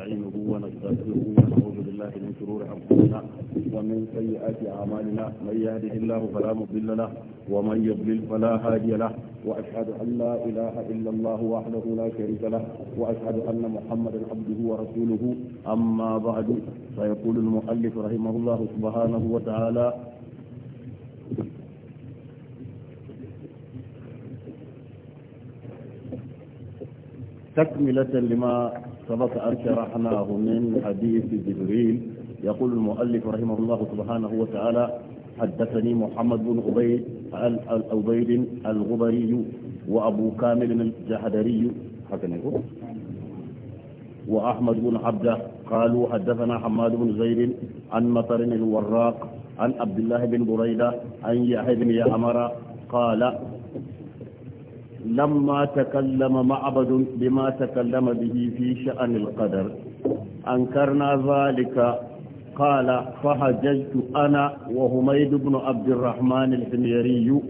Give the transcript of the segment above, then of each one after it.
نستعينه ونستغفره ونعوذ بالله من شرور انفسنا ومن سيئات اعمالنا من يهده الله فلا مضل له ومن يضلل فلا هادي له واشهد ان لا اله الا الله وحده لا شريك له واشهد ان محمدا عبده ورسوله اما بعد فيقول المؤلف رحمه الله سبحانه وتعالى تكملة لما سبق أن شرحناه من حديث جبريل يقول المؤلف رحمه الله سبحانه وتعالى حدثني محمد بن عبيد الأبيد الغبري وأبو كامل الجحدري هكذا يقول وأحمد بن عبده قالوا حدثنا حماد بن زيد عن مطر الوراق عن عبد الله بن بريدة عن يحيى بن يعمر قال لما تكلم معبد بما تكلم به في شأن القدر أنكرنا ذلك قال فحججت أنا وهميد بن عبد الرحمن الحميري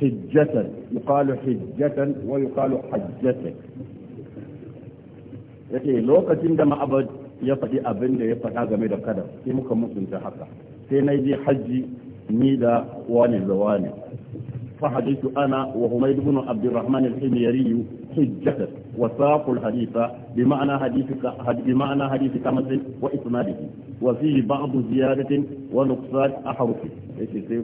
حجة يقال حجة ويقال حجة yake lokacin da ma'abad ya faɗi abin da ya faɗa game da kadar sai muka mutunta haka sai na je hajji ni da wani da wani. فحديث أنا وحميد بن عبد الرحمن الحميري حجة وساق الحديث بمعنى حديثك بمعنى حديث كمس وإسناده وفيه بعض زيادة ونقصان أحرف yake sai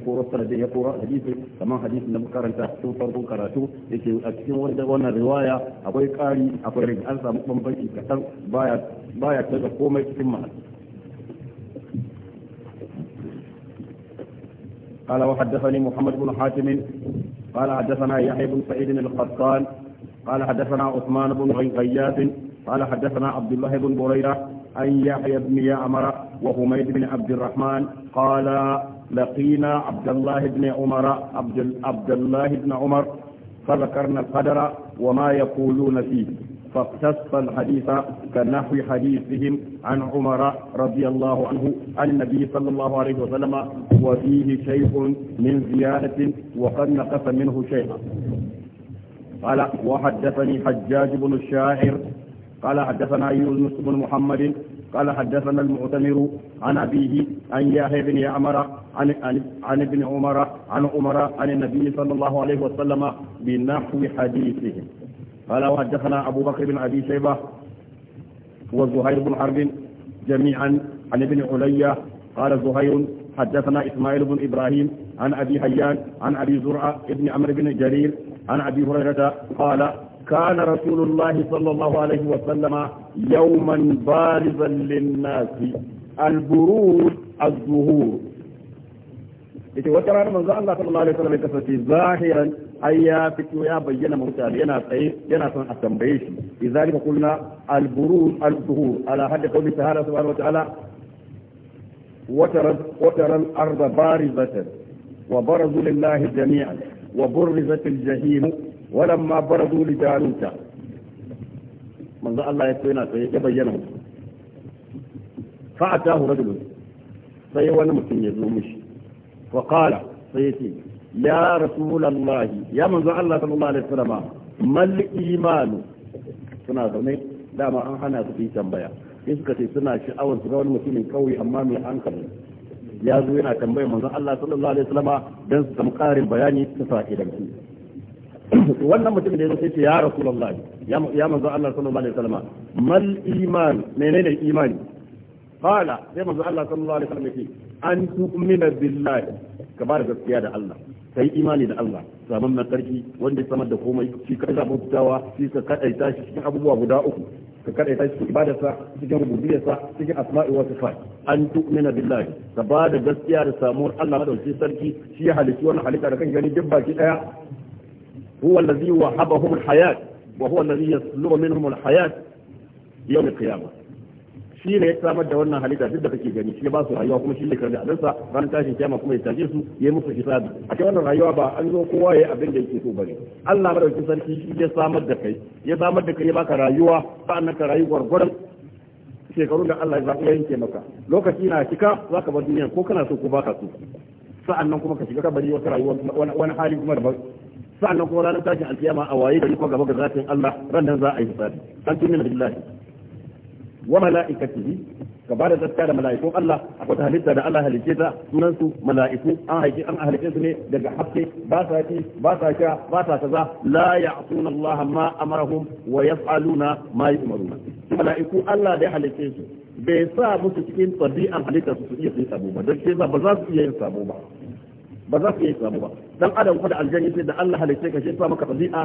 karatu yake a cikin riwaya akwai ƙari akwai rage an samu bambanci kaɗan baya baya komai cikin قال وحدثني محمد بن حاتم قال حدثنا يحيى بن سعيد القطان قال حدثنا عثمان بن غياث قال حدثنا عبد الله بن بريرة أن يحيى بن يعمر وحميد بن عبد الرحمن قال لقينا عبد الله بن عمر عبد, عبد الله بن عمر فذكرنا القدر وما يقولون فيه فاقتص الحديث كنحو حديثهم عن عمر رضي الله عنه عن النبي صلى الله عليه وسلم وفيه شيء من زيادة وقد نقص منه شيئا قال وحدثني حجاج بن الشاعر قال حدثنا يونس بن محمد قال حدثنا المعتمر عن أبيه عن يحيى بن عمر عن, عن, عن ابن عمر عن عمر عن النبي صلى الله عليه وسلم بنحو حديثهم قال وحدثنا أبو بكر بن أبي شيبة وزهير بن حرب جميعا عن ابن عليا قال زهير حدثنا إسماعيل بن إبراهيم عن أبي حيان عن أبي زرعة ابن عمرو بن جرير عن أبي هريرة قال كان رسول الله صلى الله عليه وسلم يوما بارزا للناس البرود الظهور إذا وترى من الله صلى الله عليه وسلم كفت ظاهرا ai ya fito ya bayyana mutane yana tsaye yana son a tambaye shi idhalika qulna al-burur al-zuhur ala hadd qawli ta'ala subhanahu wa ta'ala وترى وترى الارض بارزة وبرزوا لله جميعا وبرزت الجحيم ولما برزوا لجالوت من ذا الله يتوينا يبينهم فأتاه رجل سيوانا مسلم يزومش فقال سيتي ya rasulullahi ya manzo Allah sallallahu alaihi wasallam mal imanu suna zaune dama an hana su yi tambaya in suka ce suna sha'awar su ga wani mutumin kauye amma mai hankali ya zo yana tambayar manzo Allah sallallahu alaihi wasallam dan su samu karin bayani ta sake da su wannan mutumin da yake sai ce ya rasulullahi ya manzo Allah sallallahu alaihi wasallam mal iman menene imani fala sai manzo Allah sallallahu alaihi wasallam an tu'mina billahi ka ba da gaskiya da Allah kai imani da Allah saman na sarki wanda ya samar da komai shi ka zaɓa fitawa shi ka kaɗaita shi cikin abubuwa guda uku ka kaɗaita shi cikin ibadarsa cikin rububiyarsa cikin asma'i wa sifat an tu'mina billahi ka ba da gaskiya da samuwar Allah madaukakin sarki shi ya halitta wannan halitta da kan gani duk baki daya huwa allazi wahabahum alhayat wa huwa allazi yaslubu minhum alhayat yawm alqiyamah shi ne ya samar da wannan halitta duk da kake gani shi ba su rayuwa kuma shi ne karbi abinsa ranar tashin kiyama kuma ya tashe su ya musu hisabi a cikin wannan rayuwa ba an zo kowa ya abin da yake so bane Allah madaukakin sarki shi ya samar da kai ya samar da kai ya baka rayuwa ba sa'annan ka rayu gwargwaron shekarun da Allah ya yanke maka lokaci na cika zaka bar duniya ko kana so ko baka so sa'annan kuma ka shiga ka bari wata rayuwa wani hali kuma sa'an sa'annan kuma ranar tashin alkiyama a waye da ko gaba ga zatin Allah ran nan za a yi hisabi an tunni billahi wa mala'ikatihi ka ba da zakka da mala'ikun Allah akwai halitta da Allah halice ta sunan su mala'iku an haike an halice su ne daga haske ba sa ci ba sa sha ba sa kaza la ya'tuna Allah ma amarahum wa yaf'aluna ma yu'maruna mala'iku Allah da halice su bai sa musu cikin tabi'an halitta su iya yin sabo ba don sai ba za su iya yin sabo ba ba za su iya sabo ba dan adam kuma da aljanni sai da Allah halice ka shi sa maka tabi'a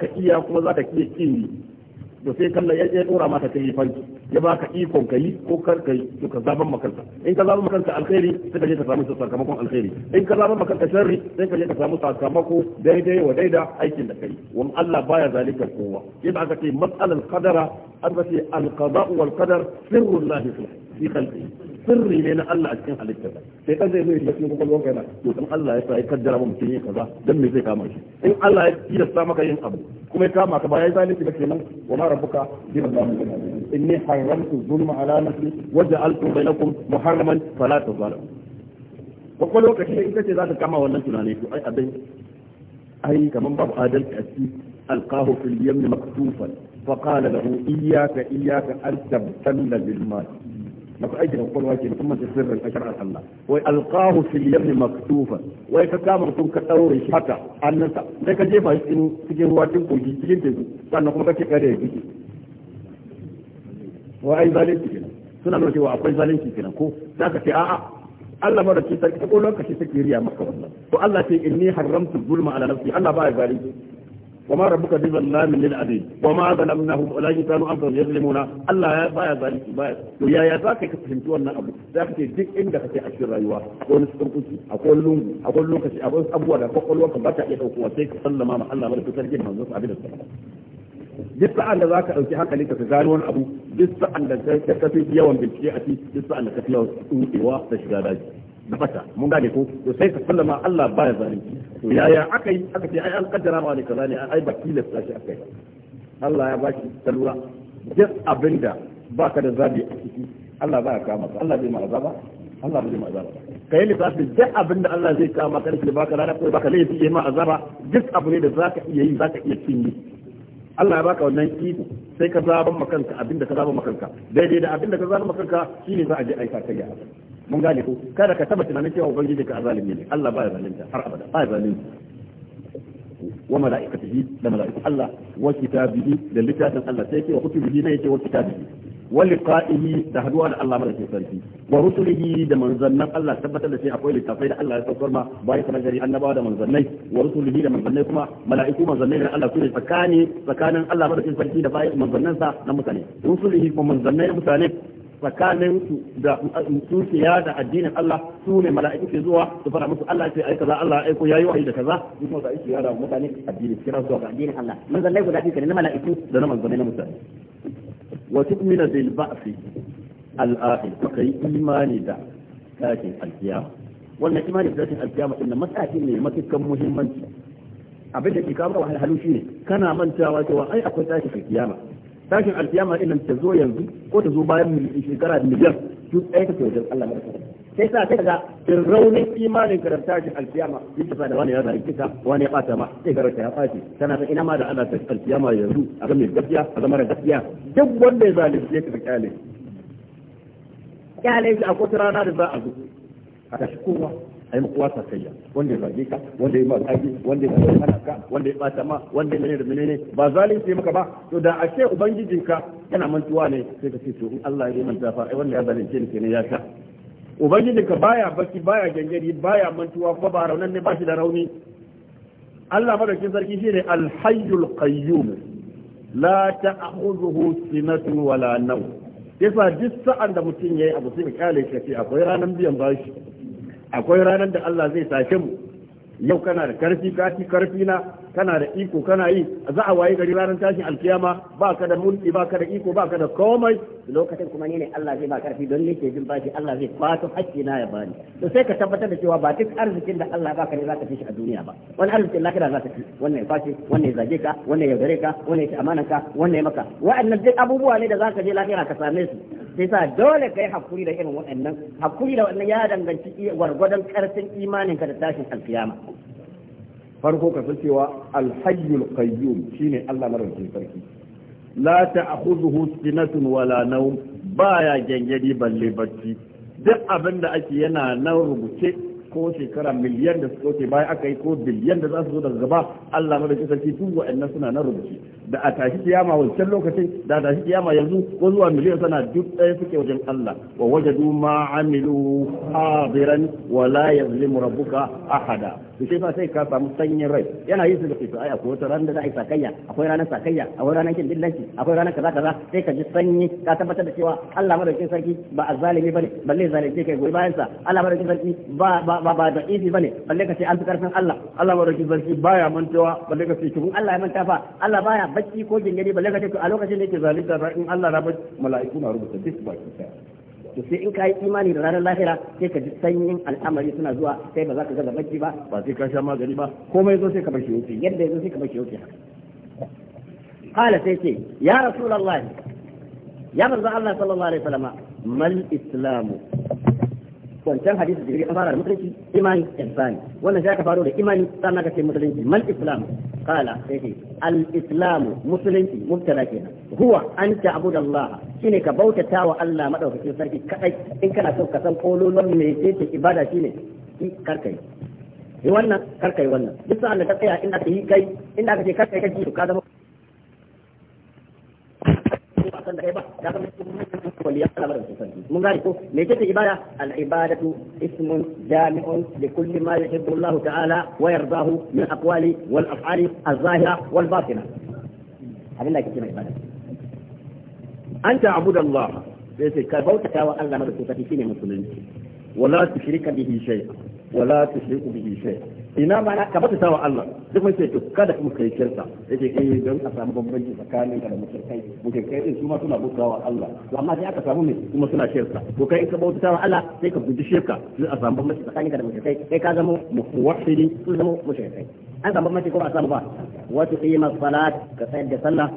ka iya kuma za ka iya kini to sai kalla ya ya dora maka kai fanki ya baka ikon kai ko kar kai to ka zaban makanka in ka zaban makanka alkhairi sai ka je ka samu sakamakon alkhairi in ka zaban makanka sharri sai ka je ka samu sakamako daidai wa daida aikin da kai wani Allah baya zalika kowa yadda aka ce mas'alal qadara an ce al qada wal qadar sirrul lahi fi khalqihi sirri ne na Allah a cikin halitta sai ka zai zai cikin kwakwalwar kai na to dan Allah ya sa ya kaddara mun cikin kaza dan me zai kama shi in Allah ya tilasta maka yin abu kuma ya kama ka ba ya zalunci ba kenan wa ma rabbuka bi rabbil inni haramtu zulma ala nafsi wa ja'altu bainakum muharraman fala tazalamu kwakwalwar ka shi ita ce za ta kama wannan tunani to ai abin ai kaman babu adalci a cikin alqahu fil yamni maktufan فقال له إياك إياك أن تبتل بالمال masu aiki da kwakwalwa ke musamman da sirrin a shari'ar Allah wai alqahu fil yammi maktufa wai ka kama mutum ka daure shi haka annansa sai ka jefa shi cikin cikin ruwa cikin kogi cikin teku sannan kuma kake kare yake wai ai zalunci kenan suna nuna cewa akwai zalunci kenan ko ka ce a'a Allah ma da ce sarki ko lokaci take riya maka wannan to Allah ce inni haramtu zulma ala nafsi Allah ba ya zalunci وما ربك بظلام للعبيد وما ظلمناهم ولكن كانوا انفسهم يظلمون الله يا بايا ذلك بايا ويا يا ذاك كفهمت wannan abu za ka ce duk inda kake a cikin rayuwa ko wani cikin kuci akwai lungu akwai lokaci akwai abubuwa da kwakwalwar ka ba ta iya daukowa sai ka sallama ma Allah mai fitar gina manzo abin da ta duk sa'an da za ka ɗauki hankali ka gano wani abu duk yawan bincike a ciki duk da yawan da shiga daji da bata mun gane ko to sai ka sallama Allah baya zalunci to yaya aka yi aka ce ai an kaddara ma ne kaza ne ai ba da shi aka yi Allah ya baki salura duk abinda baka da zabi a ciki Allah baya kama ka Allah bai ma azaba Allah bai ma azaba kai lissafi duk abin da Allah zai kama ka da baka rana ko baka laifi yayi ma azaba duk abu ne da zaka iya yi zaka iya cinye Allah ya baka wannan iko sai ka zaban makanka abinda ka zaban makanka daidai da abinda ka zaban makanka shine za a je aika kai ya mun gane ko kada ka taba tunanin cewa ubangiji ka azalimi ne Allah ba ya zalunta har abada ba ya zalunta wa malaikatihi da malaikatu Allah wa kitabihi da littafin Allah sai ke wa kutubihi ne yake wa kitabihi wa liqa'ihi da haduwa da Allah sarki wa rusulihi da Allah tabbatar da sai akwai littafai da Allah ya saukar ma bayan sanar gari annabawa da manzannai wa rusulihi da manzannai kuma mala'iku manzannai da Allah su ne tsakani tsakanin Allah sarki da bayan manzannansa na mutane rusulihi kuma manzannai mutane tsakanin su da dukiya da addinin Allah su ne mala'iku ke zuwa su fara musu Allah ce ai kaza Allah ai ko yayi wahayi da kaza su kuma za su yada mutane addini kira zuwa ga addinin Allah Mun manzalai guda biyu na mala'iku da na manzalai na mutane wa tu'minu bil ba'thi al-akhir kai imani da tashin alkiyama wannan imani da tashin alkiyama din matsala ne matukan muhimmanci abin da ke kawo wahalhalu shine kana mantawa cewa ai akwai tashin alkiyama tashin alkiyama ina ta zo yanzu ko ta zo bayan shekara da miliyan duk ɗaya ta wajen Allah madaka sai sa sai ga in raunin imanin ka da tashin alkiyama yake sa da wani ya zai kika wani ya bata ma sai garanta ya fashi kana ta ina ma da Allah ta alkiyama yanzu a ga mai gaskiya a zama da gaskiya duk wanda ya zalunci yake da kyale kyale shi a kotu rana da za a zo a tashi kowa ai mu ta kai wanda ya zage ka wanda ya ma zage wanda ya hana ka wanda ya bata ma wanda ya da menene ba zalunci maka ba to da a ce ubangijinka yana mantuwa ne sai ka ce to in Allah ya manta fa ai wanda ya zalunce ni kenan ya ta ubangijinka baya baki baya gangari baya mantuwa kuma ba raunan ne ba shi da rauni Allah madaukin sarki shine al-hayyul qayyum la ta'khudhuhu sinatun wala nawm yasa duk sa'an da mutum yayi abu sai ka kale shi akwai ranan biyan bashi akwai ranar da Allah zai sace mu yau kana da karfi ka karfi na kana da iko kana yi za a waye gari ranar tashin alkiyama ba ka da mulki ba ka da iko ba ka da komai lokacin kuma ne Allah zai ba karfi don nake jin bashi Allah zai kwato hakki na ya bani to sai ka tabbatar da cewa ba duk arzikin da Allah baka ne zaka fi shi a duniya ba wani arzikin lakira zaka fi wannan ya fashi wannan ya zage ka wannan ya yaudare ka wannan ya amanan ka wannan ya maka wa'annan duk abubuwa ne da zaka je lakira ka same su sai sa dole kai hakuri da irin waɗannan hakuri da wannan ya danganci gwargwadon karfin imaninka da tashin alkiyama farko ka cewa alhayyul qayyum shine Allah madaukakin sarki la ta'khudhuhu sinatun wala nawm baya gengedi balle bacci duk abin da ake yana nan rubuce ko shekara miliyan da suka wuce bayan aka yi ko biliyan da za su zo daga gaba Allah madaki sarki duk wa'annan suna na rubuci da a tashi kiyama wancan lokacin da a tashi kiyama yanzu ko zuwa miliyan sana duk ɗaya suke wajen Allah wa wajadu ma amilu hadiran wa la yazlimu rabbuka ahada to sai fa sai ka samu sanyin rai yana yin su da fito ko akwai wata ranar da za a yi sakayya akwai ranar sakayya akwai ranar kin dillanci akwai ranar kaza kaza sai ka ji sanyi ka tabbatar da cewa Allah madaukin sarki ba a azzalimi bane balle zalunce kai goyi bayan sa Allah madaukin sarki ba ba ba ba da izi bane balle ka ce an fi karfin Allah Allah madauki sarki baya mantawa balle ka ce kun Allah ya manta fa Allah baya bacci ko gingiri balle ka ce a lokacin da yake zalunta fa in Allah na bacci mala'iku na rubuta duk baki ta to sai in kai imani da ranar lahira sai ka ji sanyin al'amari suna zuwa sai ba za ka gaza bacci ba ba sai ka sha magani ba komai zo sai ka bar shi wuce yadda yazo sai ka bar shi wuce qala sai ce ya rasulullahi ya manzo Allah sallallahu alaihi wasallam mal islamu wancan hadisi da an fara da musulunci imani ihsani wannan sai ka faro da imani sannan ka ce musulunci mal islam qala sai al islam musulunci mubtada kenan huwa an ta'budallaha shine ka bautata wa Allah madaukakin sarki kadai in kana so ka san kololon me yake ibada shine karkai yi wannan karkai wannan duk sa'an da ka tsaya inda ka yi kai inda ka ce karkai kake to ka zama san da kai ba da ka mutum waliya Allah barin sarki mun gane ko me ce ibada al ibadatu ismun jami'un li kulli ma yuhibbu Allah ta'ala wa yardahu min aqwali wal af'ali al zahira wal batina abin da kike mai ibada anta abuda Allah sai ka bautata wa Allah madaukakin sarki shine musulunci wala tushrika bihi shay'a wala tushriku bihi shay'a ina ma na ka bata wa Allah duk mai sai to kada mu kai kirka yake kai don a samu bambanci tsakanin da mutum kai mutum kai din su ma suna bauta wa Allah amma sai aka samu ne kuma suna shirka to kai in ka bauta wa Allah sai ka guji shirka sai a samu bambanci tsakanin da mutum kai kai ka zama muwahhidi ko zama mushrikai an samu bambanci ko ba a samu ba wa tuqima salat ka sai da sallah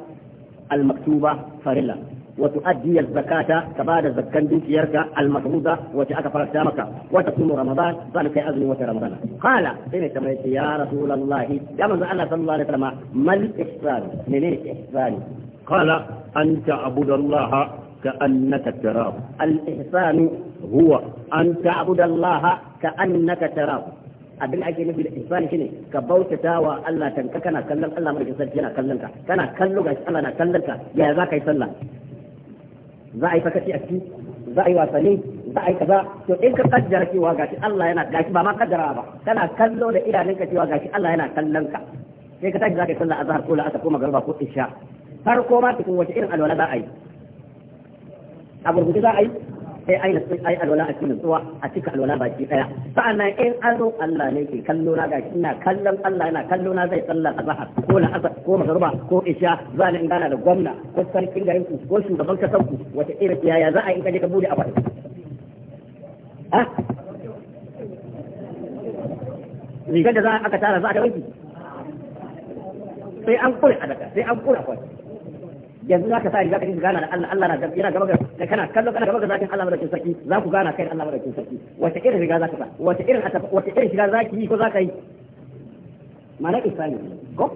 al-maktuba farilla وتؤدي الزكاة كبعد الزكاة يركا المفروضة وتأك فرسامك وتصوم رمضان ذلك أذن وتر رمضان قال إن تميت يا رسول الله يا من الله صلى الله عليه وسلم ما الإحسان من الإحسان قال أن تعبد الله كأنك تراه الإحسان هو أن تعبد الله كأنك تراه abin da ake nufi da ihsani shine ka bautata wa Allah tanka kana kallon Allah mai sarki yana kallon ka kana kallo ga Allah na kallon ka za ka yi sallah za a yi fakashi a ciki za a yi wasanni za a yi kaza to in ka kaddara cewa gashi Allah yana gashi ba ma kaddara ba kana kallo da idanunka cewa gashi Allah yana kallon ka sai ka tashi za ka yi sallar azhar ko la'asar ko magariba ko isha farko ma cikin wace irin alwala za a yi a gurguje za a yi sai sun ai alwala a cikin zuwa a cikin alwala ba baki daya nan, in an zo Allah ne ke kallo na gashi ina kallon Allah yana kallo na zai sallar azhar ko la azhar ko magruba ko isha za ni in gana da gwamna ko sarkin garin ku ko shugaban kasar ku wata irin yaya za a in kaje ka bude a baki ah rigar da za aka tara za a ta wanki sai an kure a daga sai an kure a kwanci yanzu za ka sa riga ka ji gana da Allah Allah na gaba yana gaba da kana kallo kana gaba da zakin Allah madaukin sarki za ku gana kai Allah madaukin sarki wace irin riga za ka sa wace irin wace irin shiga za ki yi ko za ka yi mana isani ko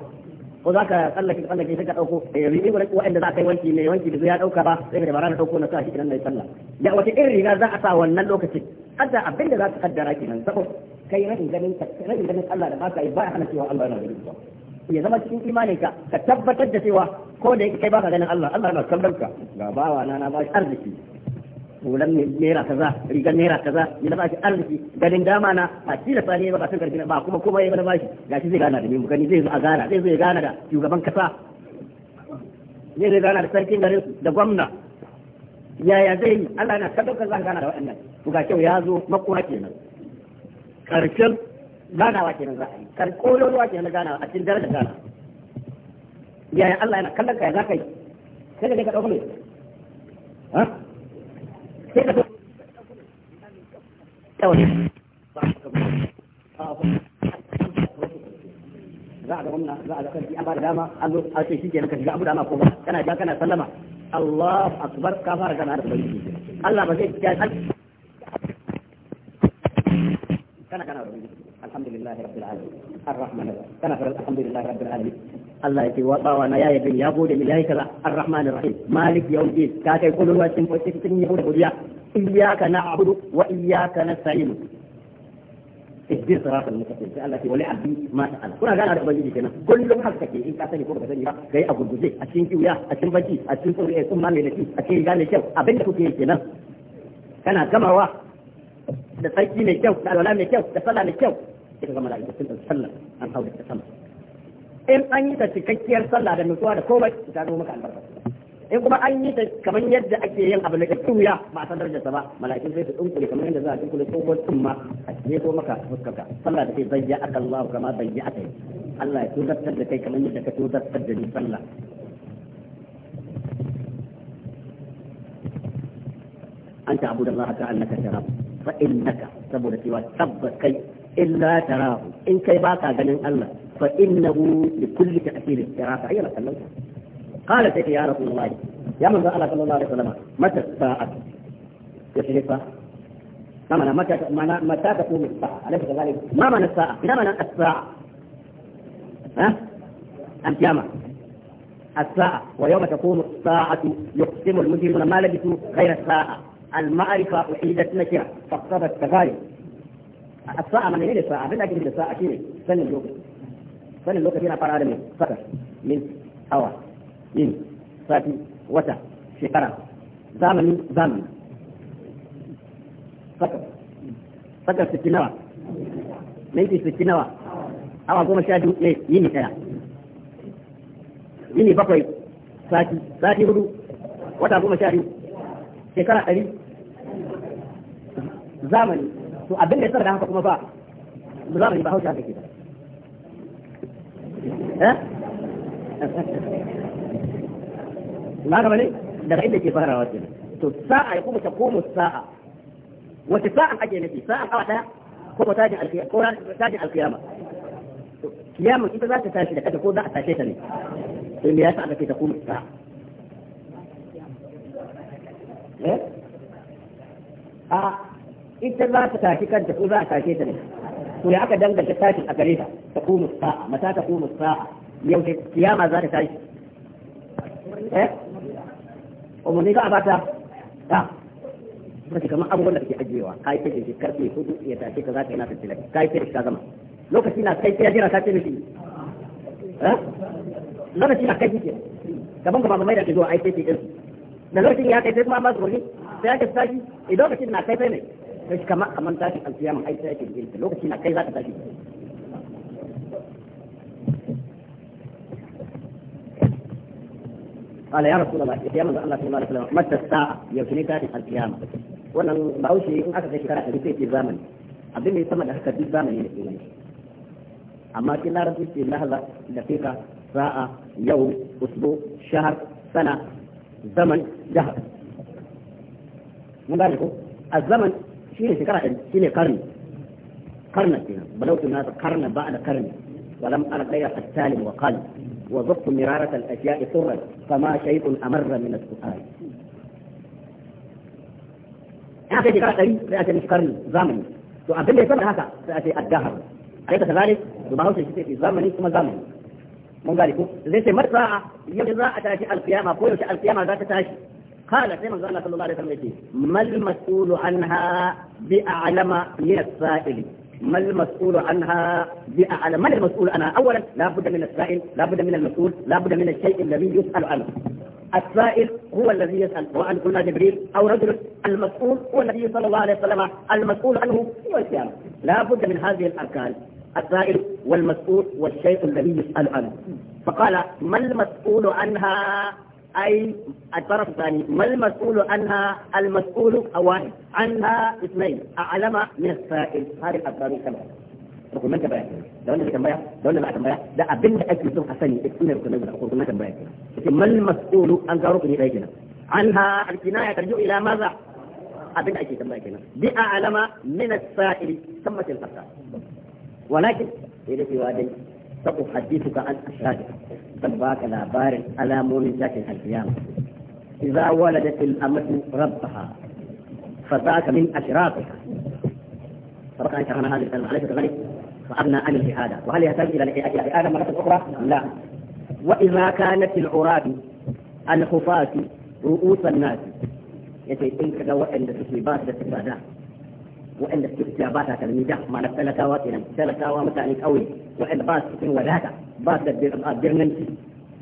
ko za ka tsallake tsallake sai ka dauko riga wanda wanda za ka yi wanki mai wanki da ya dauka ba sai da bara na dauko na sa shi nan mai sallah da wace irin riga za a sa wannan lokacin hadda abin da za ka kaddara kenan sako kai rashin ganin rashin ganin Allah da ba ka yi ba hana cewa Allah yana ganin ka ya zama cikin imanin ka ka tabbatar da cewa ko da yake kai baka ganin Allah Allah na kallon ka ga bawa na na ba shi arziki ne naira kaza rigar naira kaza ya ba shi arziki garin dama na a ci da sani ba san karfi ba kuma kuma ya ba shi gashi zai gana da ni gani zai zo a gana zai zo ya gana da shugaban kasa zai zo gana da sarkin garin da gwamna yaya zai yi Allah na ka zan gana da waɗannan to ga kyau ya zo makura kenan karshen ganawa za a yi ganawa a cikin darajar gana yaya Allah yana kallon yi sai ka ka mai sai ka kawai za a ga gwamna za a ga sarki an ba da dama an zo a ce shi ka shiga abu da ma ko ba kana ja kana sallama akbar ka fara da sarki Allah ba zai kana da الحمد لله رب العالمين الرحمن الرحيم كما الحمد لله رب العالمين الله يتي وطا وانا يا ابن يابود من يايك الرحمن الرحيم مالك يوم الدين كاك يقول هو سن فتن يهود بديا إياك نعبد وإياك نستعين اهدي صراط المستقيم سأل الله ولي عبدي ما سأل كنا قال هذا بجيدي كنا كل ما حقك إن كاتني فوق بسني را كي أقول بجي أتين كيويا أتين بجي أتين فوري أتين مالي نتي أتين جاني شو أبين كوكي كنا كنا كما هو da tsaki mai kyau, da alwala mai kyau, da tsala mai kyau, sai ga mala'ika sun ɗauki sallar an hau da sama in an yi ta cikakkiyar sallah da nutsuwa da komai ta zama maka albarka in kuma an yi ta kamar yadda ake yin abu da tuya ba a san darajarsa ba mala'ikun sai su dunkule kamar yadda za a dunkule tsohuwar tsumma a cikin ko maka fuskarka sallah da kai bayya aka Allah kama bayya aka yi Allah ya tudartar da kai kamar yadda ka tudartar da ni sallah أن تعبد الله كأنك تراه فإنك تبدت وتبت كي إلا تراه إن كي باقى قلن الله فإنه لكل تأثير ترى فعيلا قلن قال سيدي يا رسول الله يا من ذا الله صلى الله عليه وسلم متى الساعة يشريفة ما معنى متى متى تقوم الساعة عليك كذلك ما معنى الساعة ما معنى الساعة ها أنت يا من الساعة ويوم تقوم الساعة يقسم المجرمون ما لبثوا غير الساعة المعرفة أحيدت نكرة فاقتضت تغاير a sa'a ma menene sa'a abin da ake da sa'a shine sanin lokaci sanin lokaci yana fara da me saka min awa yin sati wata shekara zamani zamani saka saka sittin nawa minti sittin nawa awa goma sha biyu ne eh, yini ɗaya yini bakwai sati sati hudu wata goma sha biyu shekara ɗari zamani to abin da ya da haka kuma ba ba za mu yi ba hausa da ke eh? ba na gaba ne daga inda ke farawa ce to sa'a ya kuma ta komo sa'a wace sa'a ake nufi sa'a awa daya ko tajin alkiyama ko tajin alkiyama kiyama ita za ta tashi da kada ko za a tashe ta ne to me yasa aka ce ta komo sa'a eh a ita za ta tashi kanta ko za a tashe ta ne to ya aka danganta tashi a gare ta ta kuma sa mata ta kuma yau yaushe kiyama za ta tashi eh umarni ka a bata ta kace kamar abubuwan da kake ajiyewa kai kake shi karfe hudu ya tashi ka za ka yi na tattala kai kake ka zama lokaci na kai ya jira ka ce mishi eh lokaci na kai kike gaban gaba mai da ke zuwa ICT din da lokacin ya kai sai kuma ba su wani sai aka tashi idan lokacin na kai sai ne sai kamar kamar tashi alkiyama ai sai ake da lokaci na kai za ka tashi قال يا رسول الله يا من الله صلى الله عليه وسلم متى الساعة يوشني تاتي القيامة wannan ba in aka kai shekara zamani abin da ya sama da haka duk zamani da ke amma cikin larabci ce lahaza daƙiƙa sa'a yau usbu shine shekara shine karni قرن kina balautu na karna ba da ولم أر غير حتالم وقال وضبط مرارة الأشياء سرا فما شيء أمر من السؤال هذا في كرسي طيب. رأتي مشكرني زامني تو أبدا يسمى هذا رأتي الدهر أليس كذلك دمارو سيشتي في زامني ثم زامني من ذلك ليس مرسا يجزاء تاشي القيامة فوي وشاء القيامة ذات تاشي قال كما من صلى الله عليه وسلم إيه؟ ما المسؤول عنها بأعلم من السائل ما المسؤول عنها بأعلم من المسؤول عنها أولا لا بد من السائل لا بد من المسؤول لا بد من الشيء الذي يسأل عنه السائل هو الذي يسأل وأن قلنا جبريل أو رجل المسؤول هو النبي صلى الله عليه وسلم المسؤول عنه هو القيامة لا بد من هذه الأركان السائل والمسؤول والشيء الذي يسأل عنه فقال ما المسؤول عنها أي الطرف الثاني ما المسؤول عنها المسؤول أوان عنها اثنين أعلم من السائل هذه الأفضل كما من تبايا من المسؤول أن تركني بيجنا عنها الكناية ترجو إلى ماذا أبن من السائل ثم تلقى ولكن سأحدثك عن أشهادها سباك بار على مؤمن ذات القيامة إذا ولدت الأمة ربها فذاك من أشرافها سبق أن شرحنا هذه الكلمة عليك الغني فأغنى عن الشهادة وهل يحتاج إلى الإعادة مرة أخرى؟ لا وإذا كانت العراب الخفاة رؤوس الناس يتي إن كذا وإن تسوي waɗanda suke fitiya ba ta kalmi da ma'ana talakawa kenan talakawa mutane ƙauye waɗanda ba su cikin wadata ba su da birnin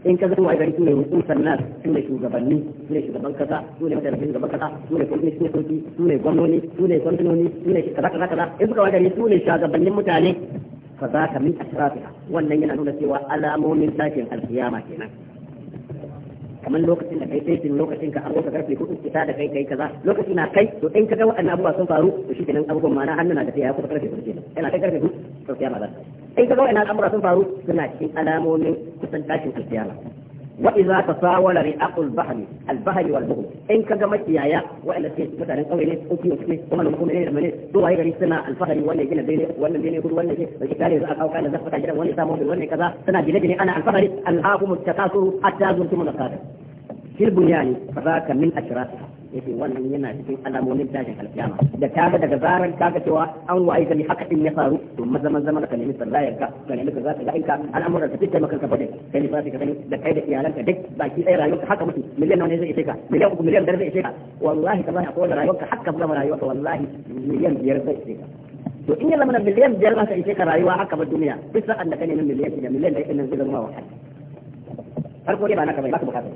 in ka zama gari sune sannan su ne shugabanni ne shugaban kasa ne mataimakin shugaban kasa sune kwamishin su ne gwamnoni sune kwamishinoni sune kaza kaza kaza in suka gari ne shugabannin mutane fa za ka min ashrafiha wannan yana nuna cewa alamomin sakin alkiyama kenan kamar lokacin da kai cin lokacin ka abuwa karfe hudu fita da kai kai kaza lokaci na kai to in kaga waɗannan abubuwa sun faru to shi kenan abubuwan ma na hannu na da ya kusa karfe hudu nan yana kai karfe hudu to kiyama zan in kaga waɗannan abubuwa sun faru suna cikin alamomin kusan tashin alkiyama وإذا تساول رئاق البحر البحر والبغل إن كجمع يايا وإلا شيء مثلا قوي ليه أوكي أوكي وما نقوم إليه لما ليه دو هاي غريب سنة البحر ولا يجينا بيني ولا بيني يقول ولا شيء وكان يزعق أو كان زفت كذا ولا سامو ولا كذا سنة جلجني أنا البحر ألهاكم التكاثر أتازم ثم الأقدار في البنيان فذاك من أشرافها yake wannan yana cikin alamomin tashin alkiyama da kaga daga zaran kaga cewa an wa'ai gani haka din ya faru to maza maza mana ka nemi sallayar ka ka nemi kaza ka ka al'amuran ka fitta maka ka fade kai ne sai ka gani da kai da iyalanka duk baki ɗaya rayuwarka haka mutu miliyan nawa ne zai ishe ka miliyan uku miliyan biyar zai ishe ka wallahi ka zai akwai rayuwarka haka zama rayuwarka wallahi miliyan biyar zai ishe ka to in ya zama na miliyan biyar za ka ishe ka rayuwa haka ba duniya duk sa'an da ka nemi miliyan da miliyan da yake nan zai zama wa har ko dai ba naka bai ba ka bukata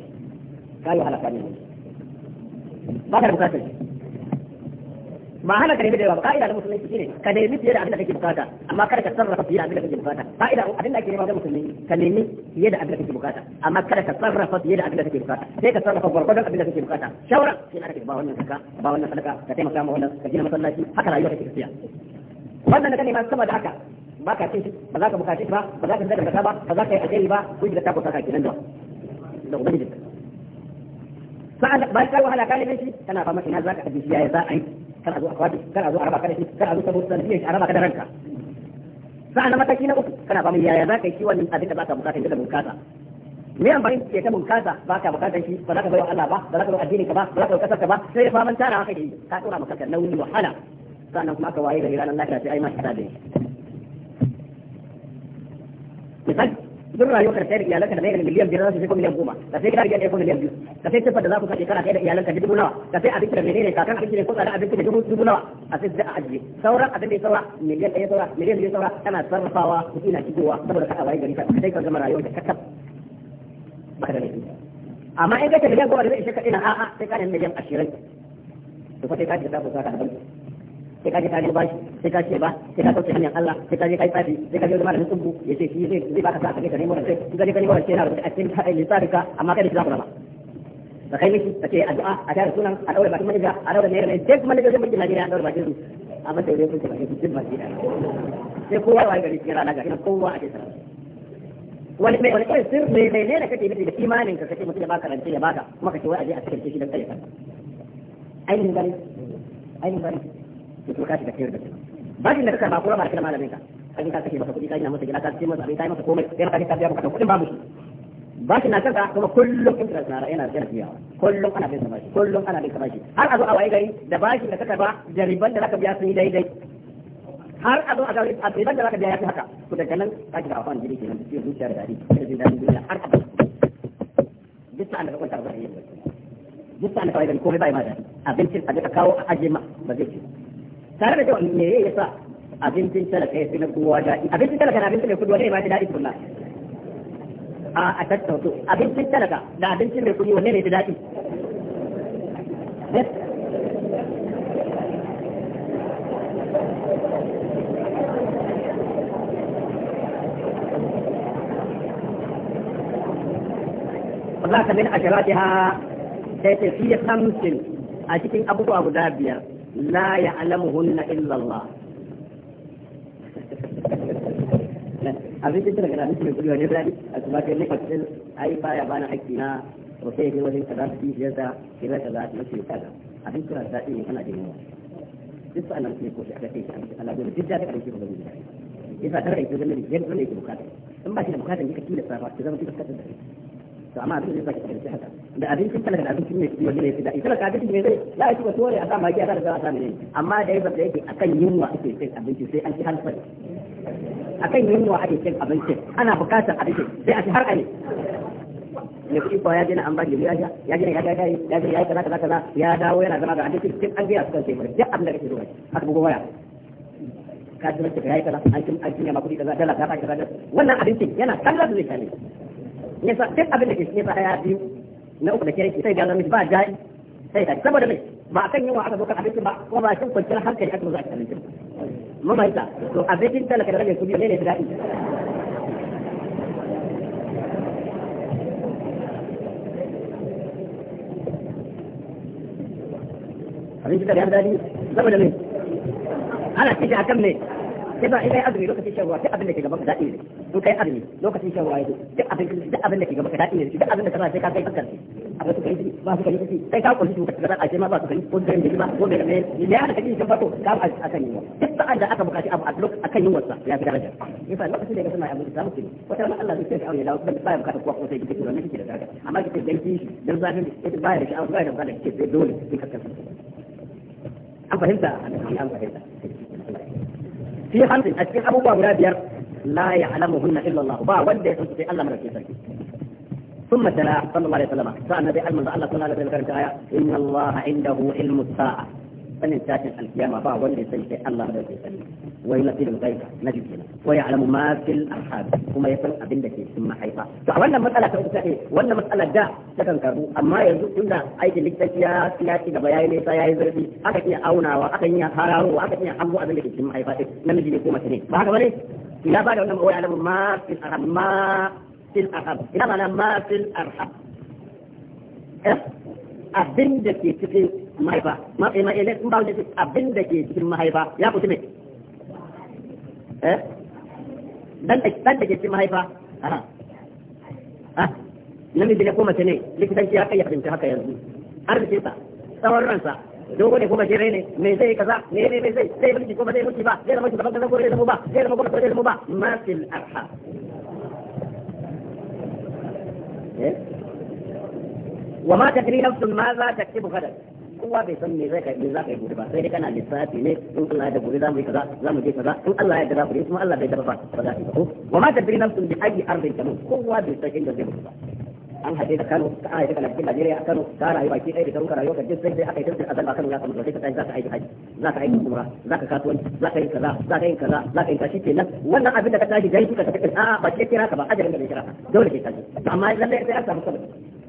kai wahala ka ne ba ka da bukatar ba hana ka nemi da yawa ba ka'ida da musulunci shine ka nemi fiye da abin da kake bukata amma kada ka sarrafa fiye da abin da kake bukata ka'ida abin da ake nema da musulmi ka nemi fiye da abin da kake bukata amma kada ka sarrafa fiye da abin da kake bukata sai ka sarrafa gwargwadon abin da kake bukata shawara shi ake ba wannan saka ba wannan sadaka ka taimaka ma wannan ka gina masallaci haka rayuwa take tafiya wannan da ka nema sama da haka ba ka cin ba za ka bukace ba ba za ka sadaka ba ba za ka yi alheri ba ku da ta bukata kenan da da ubangiji sa'an bayan kai wahala kai shi kana fama ina zaka hadin shi yayi za a yi kana zo akwati kana zo araba kada shi kana zo saboda san shi araba kada ranka sa'an mataki na uku kana fama yaya zaka yi shi wannan abin da baka bukata da bukata me amfani ke ta bunkasa ba ka bukatar shi ba za ka bai wa Allah ba ba za ka bai addini ka ba ba za ka bai kasar ka ba sai da faman tara haka yi ka tsora maka kan nauyi wahala sannan kuma ka waye da ranar lafiya sai ai ma shi da misali duk rayuwar ka da iyalanka da zai miliyan biyar su sai miliyan goma ka sai gidan ya ko miliyan biyu ka sai tafar da za ku kashe kana kai da iyalanka dubu nawa ka sai abinci da menene kakan abinci ne ko tsara abinci da dubu dubu nawa a sai da ajiye sauran abin da ya saura miliyan ɗaya saura miliyan biyu saura kana sarrafawa kuɗi na shigowa saboda ka waye gari ka sai ka gama rayuwar ka kakaf baka da laifi amma in ka ta miliyan goma da zai ishe ka ina a'a sai ka nemi miliyan ashirin to fa sai ka ji da ku saka da banki sai ka je ka bashi sai ka ce ba sai ka kauce hanyar Allah sai ka je kai tsafi sai ka je malamin tsubu ya ce shi zai zai baka sa ka ne wannan sai ka je ka ne wannan sai na rubuta a cikin lissafinka amma kada shi za ku raba da kai miki ka ce addu'a a tare sunan a daure bakin manaja a daure mai mai duk manaja zai mulkin Najeriya a daure bakin su a masa yau kun ce bakin su duk baki da sai kowa ya gari cikin rana ga ina kowa a cikin wani mai wani kai sir mai mai ne da kake nufi da imanin ka kake mutum ya baka rance ya baka kuma ka ce wai a je a cikin shi dan kai ainihin gari ainihin gari da kuma kashi da kai da bashin da kaka ba ko ba kira malamin ka kai ka kake masa kuɗi kai na masa gida ka ce masa abin kai masa komai sai ka tafiya maka kuɗin babu shi bashin na kanka kuma kullum interest na yana yana biya kullum ana bin bashi kullum ana bin bashi har a zo a waye gari da bashin da kaka ba da riban da zaka biya sun yi daidai har a zo a gari a riban da zaka biya ya fi haka to daga nan ka ji da afan jiri kenan cikin zuciya da dadi da jin dadin duniya har abada duk sa'an da ka kwanta ba zai yi duk sa'an da ka waye gari komai bai ma dadi abincin a ka kawo a aje ma ba zai ci tare da cewa me ya sa abincin talaka ya fi na kowa daɗi abincin talaka na abincin mai kudi wani ma shi daɗi tukunna a a tattauto abincin talaka da abincin mai kudi wanne ne fi daɗi ذاك من أشراتها تأتي في خمس cikin abubuwa guda biyar. لا يعلمهن إلا الله abin da daga ranar mai kudi wani rani a kuma kai nufar sun ai baya bana haƙƙi na wata yake wajen kaza su yi yadda kira kaza su mace kaza abin kira da daɗi ne kana jin yawa duk su alam ne ko shi aka ce shi ala gudu duk da ta ɗauki ba gudu yasa tare da ita zama da yadda ne ke bukata in ba shi da bukata ne ka tilasta ba ki zama kika kasance da to amma abin da zai kasance haka da abincin talaka da abincin mai kiwon ne da ita k'a abincin ne zai za a ci ba a sa magi a sa da a sa ne amma da yadda da yake akan yunwa ake cin abinci sai an ci har akan yunwa ake cin abinci ana bukatar abinci sai a ci har ai ne kuɗi ko ya je na an bani ya ya je ya ga ya ya ya kaza kaza kaza ya dawo yana zama ga abinci cikin an gaya suka ce mai duk abin da kake so haka bugu waya ka ji mace ka yayi kaza an kin an kin ya ma kuɗi kaza dala ka ba kaza wannan abincin yana kallon zai kane nesa duk abin da ke nesa daya biyu na uku da kere sai ga namiji ba jari sai ta saboda mai ba a kan yawa aka zo kan ba kuma ba shin kwanciyar hankali aka a to abincin talaka da rage su biyu ne ne su daɗi da daɗi ana a kan mai sai ba idan azumi lokacin shan ruwa duk abin da ke gaban ka daɗi ne in kai azumi lokacin shan ruwa ya duk abin duk abin da ke gaban ka daɗi ne duk abin da kana sai ka kai ba sai ka a ma ba ko da ba ko da ne ka ba a kan duk da aka bukaci abu a lokacin akan yunwar sa ya fi daraja yasa lokacin da ka suna abin da mutum wata ran Allah zai ce aure da ba ya ko sai kike da kike da daraja amma kike dan kishi dan zafin kike ba ya da a ba ya da bukata kike dole kike kasance an fahimta an fahimta في خمس أشياء أبو بابر لا يعلمهن إلا الله با ودي في الله مركي ثم ثم تلا صلى الله عليه وسلم قال النبي الله صلى الله عليه وسلم إن الله عنده علم الساعة sanin tashin alkiyama ba wanda ya sani sai Allah da ya sani wai lafiyin gaiba na jiki wa ya'lamu ma fil arhab kuma ya san abin da ke cikin mahaifa to a wannan matsala ta uku take wannan matsala da ta kan karu amma yanzu tunda aikin likitanci ya ya ci gaba yayi nisa yayi zurfi aka iya aunawa aka iya hararowa aka iya hango abin da ke cikin mahaifa din namiji ne ko mace ne ba haka bane ila ba da wannan wa ya'lamu ma fil arhab ma fil arhab ila ma fil arhab abin da ke cikin mahaifa matsayi ma ele eh, eh, in ba wani abin da ke cikin mahaifa ya kusa ne eh dan da ke cikin mahaifa ah. nan ne kuma ce ne likitanci ya ya fahimci haka yanzu arzikin sa tsawon ransa dogo ne kuma mace ne me zai kaza me ne me zai zai mulki kuma zai mulki ba zai zama shugaban kaza ko zai zama ba zai zama gwamnati ko zai zama ba masil arha وما تدري نفس ماذا تكتب غدا kowa bai san me zai ka me za ka yi gobe ba sai dai kana lissafi ne in Allah ya da gobe za mu yi kaza za mu je kaza in Allah ya da gobe kuma Allah bai da ba ba za ka yi ko wa ma tadri nafsun bi ayi ardin kanu kowa bai san inda zai mutu ba an haɗe da Kano ka aje kana cikin Najeriya a Kano ka rayu baki ɗaya da Kano ka rayu ka jin sai dai aka yi tafsir azal ba Kano ya samu sai ka za ka aiki haji za ka aiki umra za ka kasuwanci za ka yi kaza za ka yi kaza za ka yi kashi kenan wannan abin da ka tashi gari suka tafi a'a ba ke kira ka ba ajarin da bai kira ka dole ke kaji amma lalle sai an samu sabbi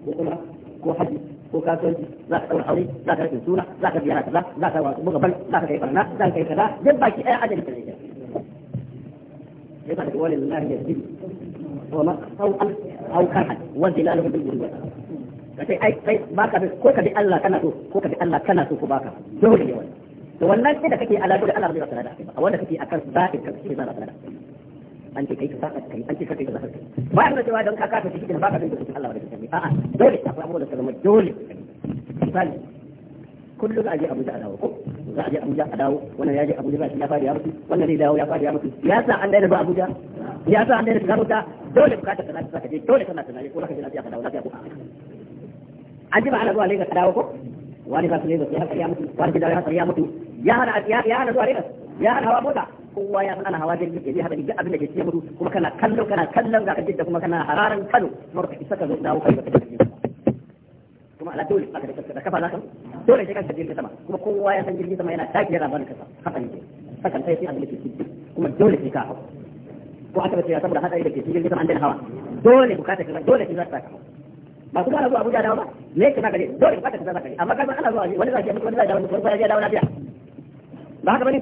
ko umra ko haji ko ka kasuwanci za ka kawo aure za ka rashin suna za ka biya kaza za ka wasu buga bal za ka kai barna za ka kai kaza duk baki ɗaya ajali ka zai sai ka tafi walin lahi yasbi wa ma sau'an au karhan wa zilaluhu bil gurbi ka sai ai kai baka ko ka bi Allah kana so ko ka bi Allah kana so ko baka dole ne wannan to wannan sai da kake ala dole Allah bai rasa da wanda kake akan zaɓin ka kake zara da an ce kai ka saka kai an ce kai ka saka kai ba ya cewa don ka kafa shi ba ka bin dokokin Allah ba da kai a'a dole akwai abubuwa da suka zama dole misali kullum za a je Abuja a dawo ko za a je Abuja a dawo wannan ya je Abuja ba ya fadi ya mutu wannan zai dawo ya fadi ya mutu ya sa an daina ba Abuja ya sa an daina shiga wuta dole bukatar ka za ka je dole kana tunani ko za ka je lafiya ka dawo lafiya ko an ji ba ana zuwa Lagos a dawo ko wani ba su Lagos ya har ya mutu wani gida ya ya mutu ya hana ya hana zuwa Lagos ya hana hawa mota kowa ya ana hawa jirgin ke biya da duk abin da ke cikin mutu kuma kana kallon kana kallon ga kuma kana hararin kano kuma ka isa ka zo dawo kai ka kuma ala dole aka da kafa zaka dole sai ka jirgin sama kuma kowa ya san jirgin sama yana taki yana bani kasa haka ne haka sai sai abin da ke cikin kuma dole sai ka hawa ko aka ce saboda hadari da ke cikin jirgin sama an hawa dole bukata ka dole za ba zuwa Abuja dawo ba me yake zaka dole bukata ka za amma ana zuwa wani wani dawo wani dawo ba haka bane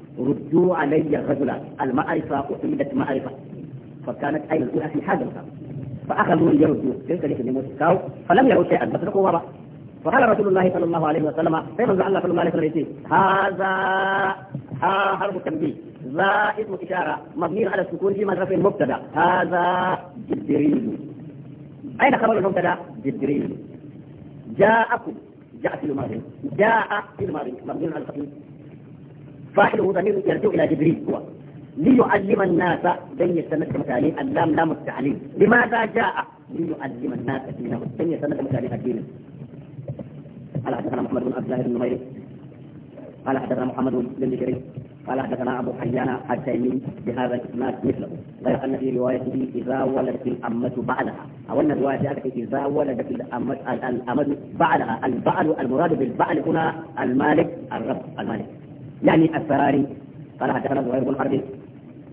ردوا علي رجلا المعرفة أعيدت معرفة فكانت أي الأولى في هذا الأمر فأخذوا يردوا تلك لكن كاو فلم يروا شيئا فتركوا وراء فقال رسول الله صلى الله عليه وسلم كيف جعل الله صلى الله عليه وسلم هذا ها حرب التنبيه ذا اسم إشارة مبني على السكون في مدرسة المبتدا هذا جبريل أين خبر المبتدا جبريل جاءكم جاء في الماضي جاء في الماضي مبني على السكون فاحله ضمير يرجع إلى جبريل هو ليعلم الناس بين يستمد مثالين اللام لام التعليم لماذا جاء ليعلم الناس دينه بين يستمد مثالين الدين قال حدثنا محمد بن عبد الله بن نمير قال حدثنا محمد بن بشير قال حدثنا ابو حيان التيمي بهذا الاسناد مثله غير ان في روايته اذا ولدت الامه بعدها او ان روايه اذا ولدت الامه الامه بعدها البعل المراد بالبعل هنا المالك الرب المالك يعني الفراري قال حدثنا زهير بن حرب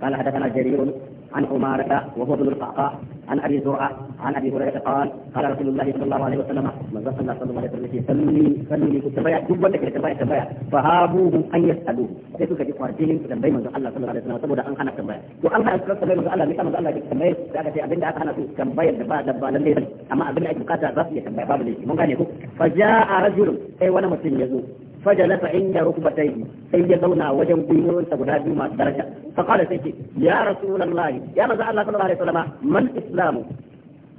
قال حدثنا جرير عن عمارة وهو بن القعقاع عن ابي زرعة عن ابي هريرة قال قال رسول الله صلى الله عليه وسلم من رسول الله صلى الله عليه وسلم سلمي سلمي كتبايا دوبا لك كتبايا كتبايا فهابوه ان يسألوه كيف كتب قرجين تنبي من الله صلى الله عليه وسلم تبدا ان خانك تنبيا وان خانك تنبيا من الله مثل من الله تنبيا ذلك في ابن داخل نفسه تنبيا دبا دبا لليل اما ابن ايك مقاتل رسل يتنبيا باب ليل من غانيكو فجاء رجل اي وانا مسلم يزور فجلس عند ركبتيه سي يزونا وجن قيمون سبدا بما درجة فقال سيدي يا رسول الله يا رسول الله صلى الله عليه وسلم ما الإسلام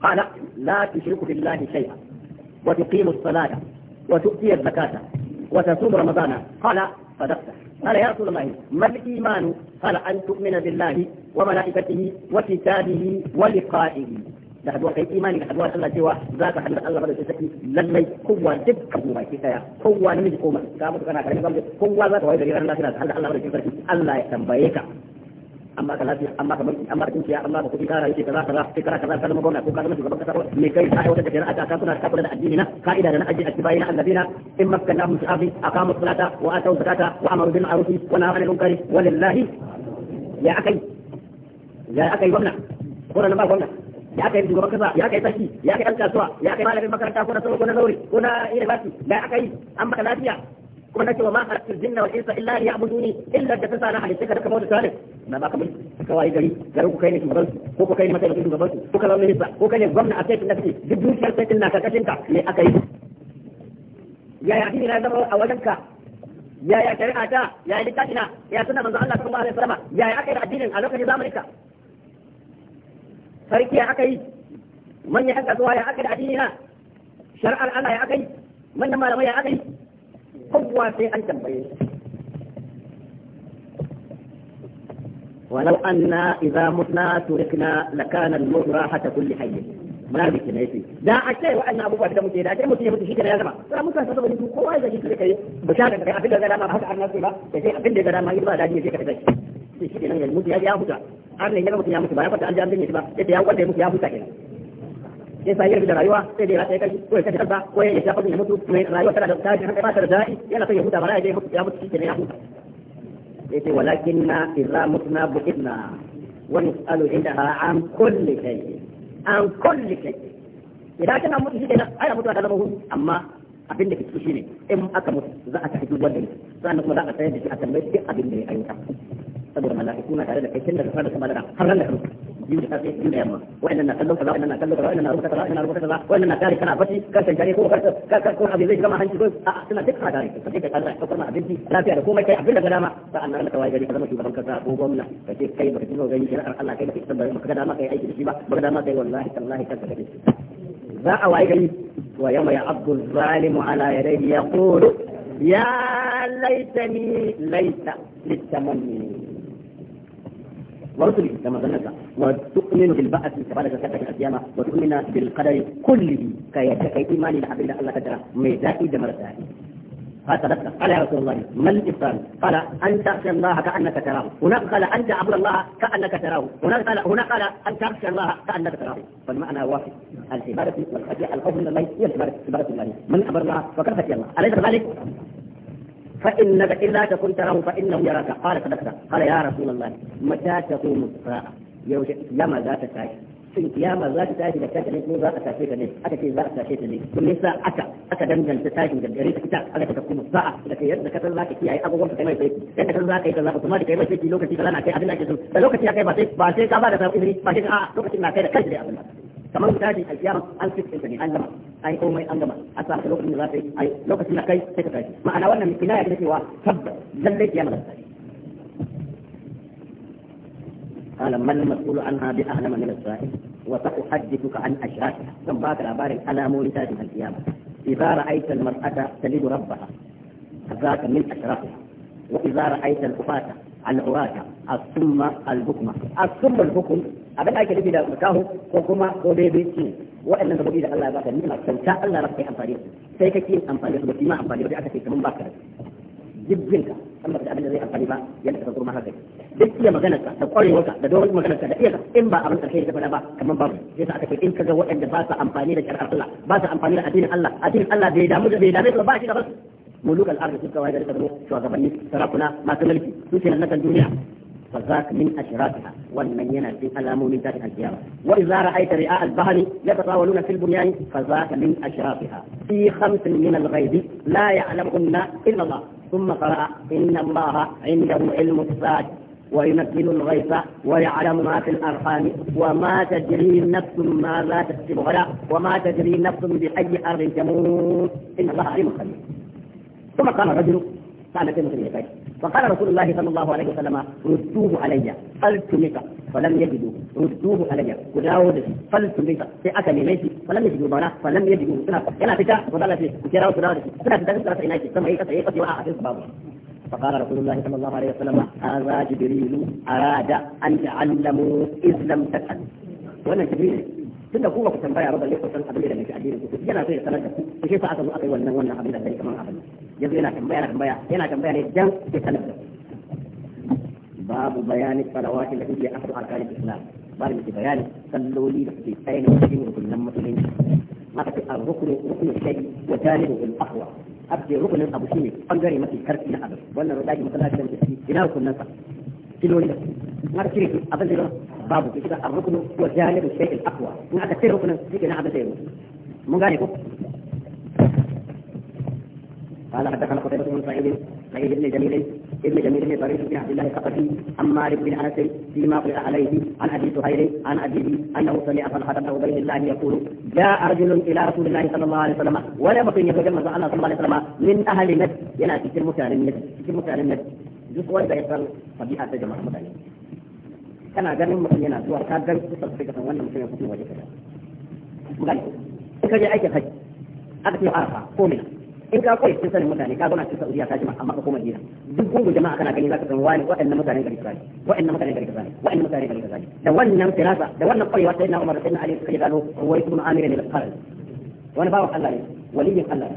قال لا تشرك بالله شيئا وتقيم الصلاة وتؤتي الزكاة وتصوم رمضان قال صدقت قال يا رسول الله ما الإيمان قال أن تؤمن بالله وملائكته وكتابه ولقائه da haduwa kai imani da haduwa Allah cewa za ka hadu Allah madaukakin sarki lallai kowa dukkan mu baki daya kowa namiji ko mace ka mutu kana karin gambe kowa za ka waye gari ranar lafiya da Allah madaukakin sarki Allah ya tambaye ka amma ka lafiya amma ka mulki amma ka dukiya amma ka kuɗi kara yake kaza kaza sai kara kaza kaza magana ko kaza shugaban kasa me kai ka aiwatar da kana aka kuna ka kula da addini na ka'ida da na addini attibai na annabina in makkannahum fi ardi aqamu salata wa atau zakata wa amaru bil ma'ruf wa nahaw anil munkari walillahi ya akai ya akai gwamna ko na ba gwamna ya kai shugaban kasa ya kai sarki ya kai ɗan kasuwa ya kai malamin makaranta ko na sauro ko na zauri ko na university da aka yi an baka lafiya kuma nake wa ma halittar jinna wal insa illa ya'buduni illa da tasa na halitta da kamar da talib na baka mulki ka wayi gari garin ku kai ne shugaban ko ku kai ne mataimakin shugaban ko ka zama minista ko kai ne gwamna a cikin nafsi duk dukiyar sai na kakashin ka ne aka yi yaya addini na zama a wajen ka yaya shari'a ta yaya littafina ya sunna manzo Allah sallallahu alaihi wasallam yaya aka yi addinin a lokacin zamanin ka sarki ya من يحق manyan yan kasuwa ya aka da addini na shari'ar Allah ya aka yi manyan malamai ولو أن إذا متنا تركنا لكان الموت راحة كل حي ما بك نيتي دا أشياء وأنا أبو بكر دمتي دا أشياء متي يمتي شكرا يا زمان لا متى سبب لي كوا إذا جيت لك إيه؟ بشارة كي أفيد غدا ما بحث عن نفسي لا كي أفيد غدا ما يبغى دا شيء شيء كذا يا الموت يا أبو har ne ya mutu ya mutu ba ya fata an ji an binne shi ba yace ya wanda ya mutu ya huta kenan ya sa yarda da rayuwa sai dai ya kai ko ya kashe kansa ko ya shafa ya mutu mai rayuwa tana da ta har ba ta da'i yana son ya huta ba ya dai ya mutu shi ne ya huta yace walakinna idza mutna bu'idna wa nus'alu indaha an kulli shay'in an kulli shay'in idan kana mutu shi kenan ai mutuwa ta zama hudu amma abinda ke ciki shine in aka mutu za a tafi duk wanda sannan kuma za a tsaya da shi a tambayi duk abin da ya ayyuka saboda mala'iku na tare da kai tun daga fara kuma daga har ran da kanka biyu da safe biyu da yamma wa'annan na kallon kaza wa'annan na kallon kaza wa'annan na rubuta kaza wa'annan na rubuta kaza wa'annan na tare kana bacci ka tantare ko ka ka ko abin zai shiga hanci ko a suna duk kana tare ka kika Allah ka kuma abinci lafiya da komai kai abin da dama sa'an ka waye gari ka zama shugaban kaza ko gwamna ka kai baka ji gani shari'ar Allah kai baka tabbata baka dama kai aiki da shi ba baka dama kai wallahi tallahi kanka kake za a ويوم يعض الظالم على يديه يقول يا ليتني yaqulu ya كما ظننت وتؤمن بالبعث كما ذكرت في القيامة وتؤمن بالقدر كله كي يتكي إيمان العبد الله قدره ميزائي دمر قال قال يا رسول الله ما الافطار؟ قال ان تخشى الله كانك تراه هناك قال ان تعبد الله كانك تراه هناك قال هنا قال ان تخشى الله كانك تراه فالمعنى واحد العباده والخشيه الخوف من الله هي العباده عباده الله من عبد الله فقد خشي الله اليس كذلك؟ فإنك لا تكن تراه فإنه يراك قال صدقت قال يا رسول الله متى تقوم الساعة يوم لما لا تتعشى shin kiyama za ta tashi da kanta ne ko za a tashe ka ne aka ce za a tashe ta ne to me yasa aka aka danganta tashin da gare ta ita aka ta kuma sa'a da kai yadda ka san za ka kiyaye abubuwan kai mai sai yadda ka san za ka yi kaza ba kuma da kai mai sai lokaci kaza na kai abin da ake so da lokaci ya kai ba sai ba sai ka ba da sabon izini ba sai a lokacin na kai da kanka dai abin kamar tashin alkiyama an fitta ne an gama ai komai an gama a sa lokacin da za ka yi ai lokacin da kai sai ka tashi ma'ana wannan kinaya ne cewa tabbas lalle kiyama za ta tashi قال من المسؤول عنها بأهل من الإسرائيل وسأحدثك عن أشهاد ثم بعد الأبار على مولداتها القيامة إذا رأيت المرأة تلد ربها ذاك من أشرفها وإذا رأيت الأفاة عن عراك الثم البكمة الثم البكم أبدا أيك لبدا مكاه وكما قبيبين وإن الله بقيد الله بقى من أكثر شاء الله ربك أن فريق سيك كين أن فريق بسيما أن فريق بأكثر من بكر جب بنتا أما بدأ بنتا أن فريق ينتظر ما هذا duk iya maganarka da kwarewarka da dogon maganarka da iya in ba abin alheri ka ba kamar babu sai sa aka ce in kaga waɗanda ba su amfani da shari'ar Allah ba su amfani da addinin Allah addinin Allah bai damu da bai dame su ba shi da ba ملوك الارض تبقى وهي ذلك الروح شوغبني سرقنا ما تملكي سوسنا لك الدنيا فذاك من اشراكها والمينة في الامون ذات القيامة واذا رايت رئاء البهر يتطاولون في البنيان فذاك من اشراكها في خمس من الغيب لا يعلمهن الا الله ثم قرأ ان الله عنده علم الساعه ويمكن الغيث ويعلم ما في الأرحام وما تدري نفس ماذا تكسب غدا وما تدري نفس بأي أرض تموت إن الله عليم خبير ثم قال الرجل قال في مسلم فقال رسول الله صلى الله عليه وسلم ردوه علي فلتمك فلم يجدوا ردوه علي وداود فلتمك في أكل ليس فلم يجدوا بنا فلم يجدوا سنة يلا فتا وظلت في كتيرا وسنة سنة سنة سنة سنة سنة سنة سنة سنة سنة سنة سنة سنة سنة فقال رسول الله صلى الله عليه وسلم هذا جبريل اراد ان تعلموا اذ لم تفعلوا وانا جبريل تبدا قوة في بايا رب اللي قصن قبل الى نجا عدين قصد جنا فيه سنة جبت فشي فعصد الأقل والنه والنه قبل الى كمان قبل جبت هنا كم بايا كم بايا هنا كم بايا جنب في سنة باب بيان الصلوات التي هي أفضل أركان الإسلام بارك في بيان صلوا لي في أين وشين وكل نمط من ما تكفي الركن ركن الشيء وثالث الأقوى abje rukunin abu shine bangare mafi karfi na abu wannan rudaki masallaci da mutum ina rukunin sa kiloli da mar kire ki abin da babu ki ar rukun ko janibu shay'i al-aqwa in aka tsaye rukunin shi na abin da yau mun gane ko قال حدثنا قتيبة بن سعيد سعيد بن جميل ابن جميل بن طريف بن عبد الله الثقفي عن مالك بن انس فيما قرئ عليه عن ابي سهيل عن ابيه انه سمع طلحه بن عبيد الله يقول جاء رجل الى رسول الله صلى الله عليه وسلم ولا بقي يتجمع الله صلى الله عليه وسلم من اهل مكه ينادي في مكان مكه في مكان مكه duk wanda ya san tabi'a ta jama'a mutane kana ganin mutum yana zuwa ka gan kusan sai ka san wannan mutum ya fito waje kaza mutane kaje aikin haji aka ce arafa ko mina in ka koyi sun sanin mutane ka zauna cikin Saudiya ka jima amma ka koma gida duk gungun jama'a kana gani zaka san wani waɗannan mutane gari kaza waɗannan mutane gari kaza waɗannan mutane gari kaza da wannan firasa da wannan kwarewa sai na Umar sai na Ali suka gano wai ibn Amir ne da Qaran wani bawan Allah ne waliyin Allah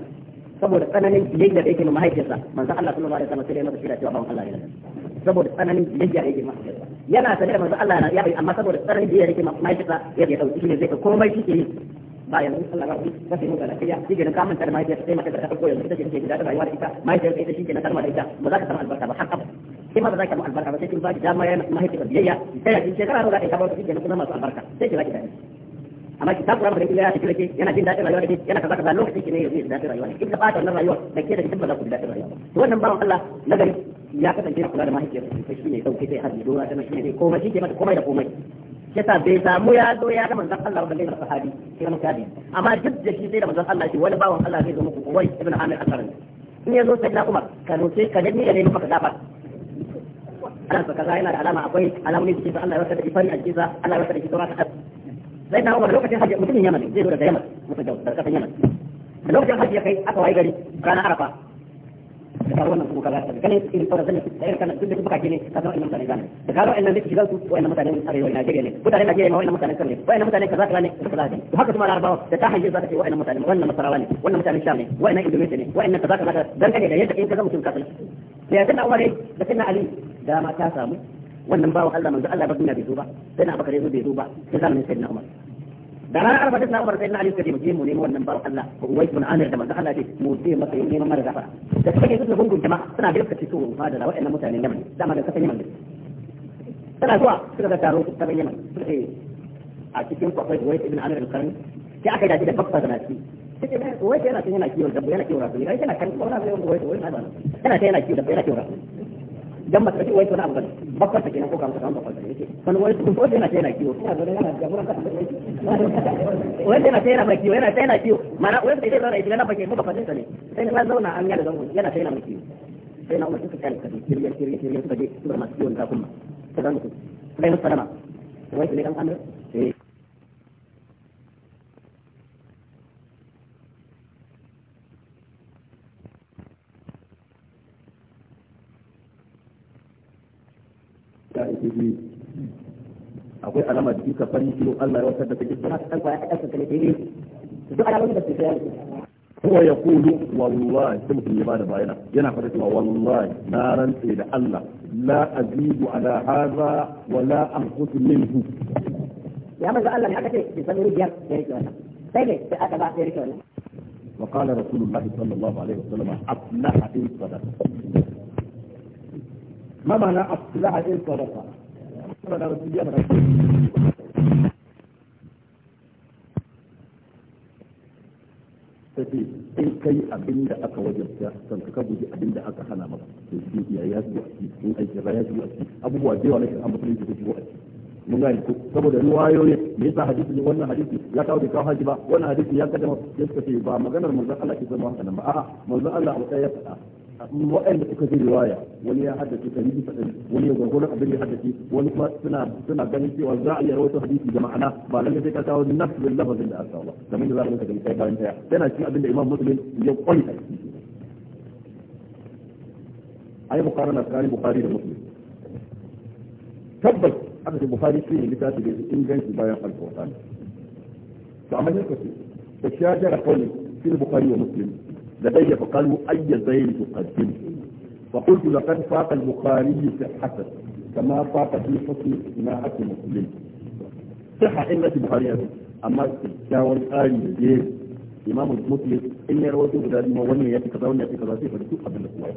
saboda tsananin biyayya da yake mahaifiyarsa manzon Allah sallallahu alaihi wasallam sai ya masa shira cewa bawan Allah ne saboda tsananin biyayya da yake mahaifiyarsa yana sanar da manzon Allah ya bai amma saboda tsananin biyayya da yake mahaifiyarsa ya bai dauki ne zai komai shi ke yi bayan Allah rabbi sai mu ga lafiya shi ga kamun tarma ya sai maka da farko yanzu take take da rayuwa da ita mai sai kai shi ke na tarma da ita ba za ka samu albarka ba har abada sai ma ba za ka samu albarka ba sai kin ba ki dama yana mahaifiyar biyayya sai kin shekara za ka kawo shi ke na kuma masu albarka sai ki laki amma ki takura maka da ya tafi kake yana jin daɗin rayuwa da yana kaza kaza lokacin ki ne yanzu daɗin rayuwa in ka bata wannan rayuwa da ke da kin ba za ku daɗin rayuwa to wannan bawan Allah nagari ya kasance kula da mahaifiyar sai shi ne dauke sai har dora ta shi ne komai shi ke mata komai da komai yasa bai samu ya zo ya ga manzon Allah ba da sahabi sai mun tabi amma duk da shi sai da manzon Allah shi wani bawan Allah zai zama muku wai ibn Amir al-Qarni in ya zo sai na Umar ka no sai ka dani da ne maka dafa Allah saka kaza yana da alama akwai alamomi cikin Allah ya saka ifani a jiza Allah ya saka shi saura ka sai na Umar lokacin hajji mutumin Yaman zai zo daga Yaman mutum da kasan Yaman da lokacin hajji ya kai aka wai gari ranar Arafa da ka wannan kuma kaza da kane irin kawai zan da kana duk da kuka kene ka zama imam sanin gane da ka wannan dake shigar su wannan mutanen arewa Najeriya ne mutanen Najeriya ne wannan mutanen Kano ne wannan mutanen kaza kaza ne kaza ne to haka kuma Larabawa da ta hajji za ta ce wannan mutanen wannan Masarawa ne wannan mutanen Sham ne wannan Indonesia ne wannan kaza kaza dan kane da yadda in ka zama mutum kafin da ya tana Umar da tana Ali da ma ta samu wannan bawo Allah manzo Allah ba duniya bai zo ba sai na bakare zo bai zo ba sai zamanin sayyidina Umar da ranar ba da Umar sai na Ali suka muje mu nemi wannan ba Allah wai kun Amir da manzo Allah ce mu je masa yin neman mara gafara da take je gungun jama'a suna da suka ce to fa da mutane ne Yaman dama da kafin Yaman tana zuwa suka ga taro ta bayyana suka a cikin kwafai wai ibn Amir al karim sai aka dace da babba da nasi sai wai yana yana kiwon dabba yana kiwon rasu yana kan wai wai yana kiwon dabba yana kiwon rasu dan ba ta wai wani abu ba ta kenan ko ka mutaka ba ta yake wai ko ko yana tana kiyo yana ga ka yana ba kiyo yana kiyo mana wai sai na ba ba fadin sai na zauna an da zango yana kiyo sai na kan ka je masu sai wai kan ta ake akwai alama jikin ka fari kilo Allah ya wasar da kake ba ka ba ya kasa kale dai duk alamomin da ke sayar هو يقول والله تمكن يبان باينا ينا فتتوا والله نارا إلى الله لا أزيد على هذا ولا أنقص منه يا من الله من عدك بسنور جير جيرك ولا سيدي سأتبع جيرك ولا وقال رسول الله صلى الله عليه وسلم أفلح إن صدق ما معنى السلاح الانطلاقه tafi in kai abin da aka wajabta sannan ka guji abin da aka hana maka to shi ya ya zuwa shi in aiki ba ya zuwa shi abubuwa da yawa na kan mutum da zuwa shi mun gane ko saboda riwayoyi me yasa hadisi ne wannan hadisi ya kawo da kawo haji ba wannan hadisi ya kaddama ya suka ce ba maganar manzon Allah ke zama haka nan ba a'a manzon Allah ba ya faɗa wa'anda suka ji riwaya wani ya haddace ɗari bisa ɗari wani ya gwargwadon abin ya haddace wani kuma suna suna ganin cewa za a iya rawaito hadisi da ma'ana ba lalle sai ka kawo nafsin lafazin da aka ba kamar da za a rinka gani sai bayan daya yana cikin abin da imam muslim ya kwanta ai mukarana tsakanin bukhari da muslim tabbas aka ce bukhari shi ne littafi da inganci bayan alƙur'ani to amma ne ka ce ta shajara kawai في البخاري ومسلم لدي فقال أي زين تقدمه فقلت لقد فاق البخاري صحته كما فاق في حسن صناعة مسلم صحة إلا البخاري أما تشاور آل الجيش إمام المسلم إني يروي إلى ما يأتي كذا وني يأتي كذا في فلسطين قبل الأسبوع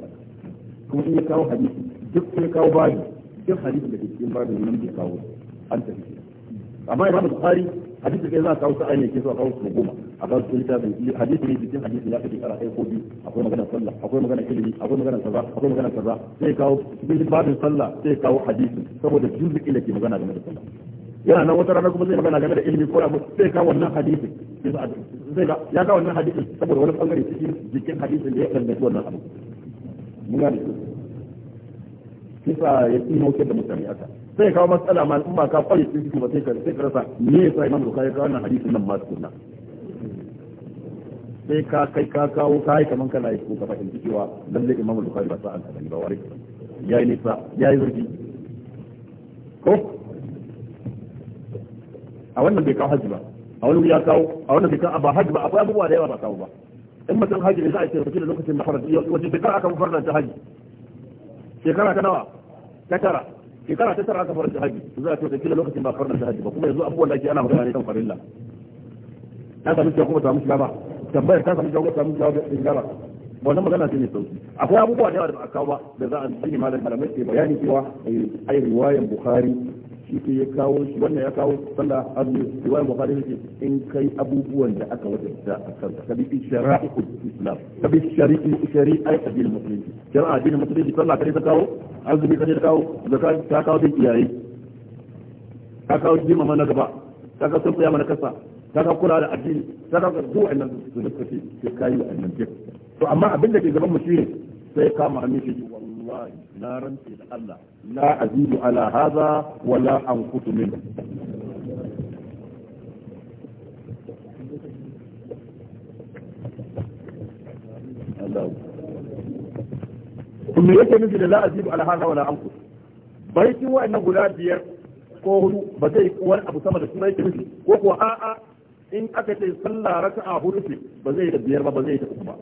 كما إني كاو حديث جبت sun كاو babu duk حديث da ke cikin babin يمكن كاو أنت في tafi amma imam bukhari hadisin kai za a kawo sa'ai a ba su littafin hadisi ne cikin hadisi ya kace kara ko biyu akwai magana sallah akwai magana ilimi akwai magana kaza akwai magana kaza sai kawo cikin babin sallah sai kawo hadisi saboda juzuki da ke magana game da sallah yana nan wata rana kuma zai magana game da ilimi ko abu sai ka wannan hadisi sai ga ya ga wannan hadisi saboda wani bangare cikin jikin hadisin da ya danganci wannan abu mun gane kisa ya tsimo da mutane aka sai kawo matsala ma in ba ka kware cikin ba sai ka sai ka rasa me yasa imam bukhari ka wannan hadisin nan ma tukunna sai ka kai ka kawo ka yi kamar kana yi ka fahimci cewa lalle imamu kwari ba sa'an gani ba wari ya yi nisa ya yi zurfi ko a wannan bai kawo hajji ba a wani ya kawo a wannan bai kawo ba hajji ba akwai abubuwa da yawa ba kawo ba in mutum hajji ne za a ce mutum da lokacin da faranta wace shekara aka mu faranta hajji shekara ta nawa ta tara shekara ta tara aka faranta hajji za a ce da lokacin ba faranta hajji ba kuma yanzu abubuwan da ake ana magana ne kan farilla na samu cewa kuma ta musu ba tambayar ta samu jawo samu jawo da ingara wannan magana ce ne sauki akwai abubuwa da yawa da ba a kawo ba da za a cikin malam malamai ke bayani cewa eh, ai riwayan bukhari shi ke ya kawo shi wannan ya kawo sanda azumi riwayan bukhari ne in kai abubuwan da aka wajabta a kanka kabi shari'ul islam kabi shari'i shari'ai addinin musulunci shari'a addinin musulunci sallah kare ta kawo azumi kare ta kawo zakat ta kawo din iyaye ta kawo jima mana gaba ta kawo sun tsaya mana kasa sadaka kula da addini sadaka duk wannan su da kace sai kai wa annabi to amma abin da ke gaban mu shine sai kama hannun shi wallahi na rantsi da Allah la azidu ala hadha wala anqutu min kuma yake nufi da la azidu ala hadha wala anqutu baitin wa'annan guda biyar ko hudu ba zai wani abu sama da su yake nufi ko kuwa a'a in aka ce sallah raka'a hudu ce ba zai ta biyar ba ba zai ta uku ba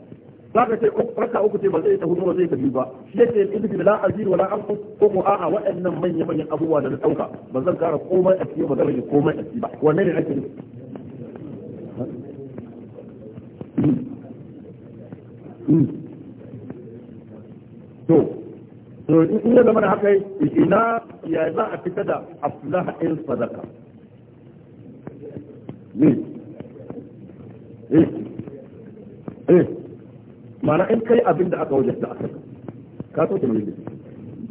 za ka ce raka'a uku ce ba zai ta hudu ba zai ta biyu ba shi yake in ibi la azir wala anqu ko mu a'a waɗannan manyan manyan abubuwa da na ɗauka ba zan kara komai a cikin ba zan yi komai a cikin ba wanne ne ake to to in ya zama da haka ina ya za a fita da abdullahi ɗin sadaka ne mana eh, eh. ma'ana in kai abin da aka wajen da aka ka so ta mulki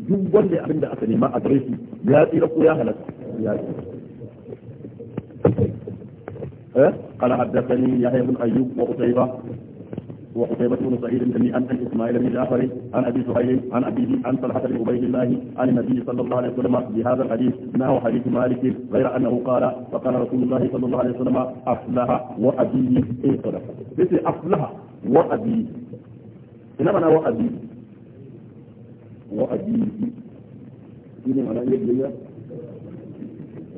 duk wanda abin da aka nema a gare shi ya tsira ko ya halatta ya yi eh قال حدثني يحيى بن ايوب وقتيبه وقتيبة بن سعيد بن أنس إسماعيل بن جعفر عن أبي سهيل عن أبيه عن طلحة بن عبيد الله عن النبي صلى الله عليه وسلم بهذا الحديث نحو حديث مالك غير أنه قال فقال رسول الله صلى الله عليه وسلم أصلح وأبيه انصرف مثل أصلح وأبيه إنما أنا وأبيه وأبيه إنما أنا يبلي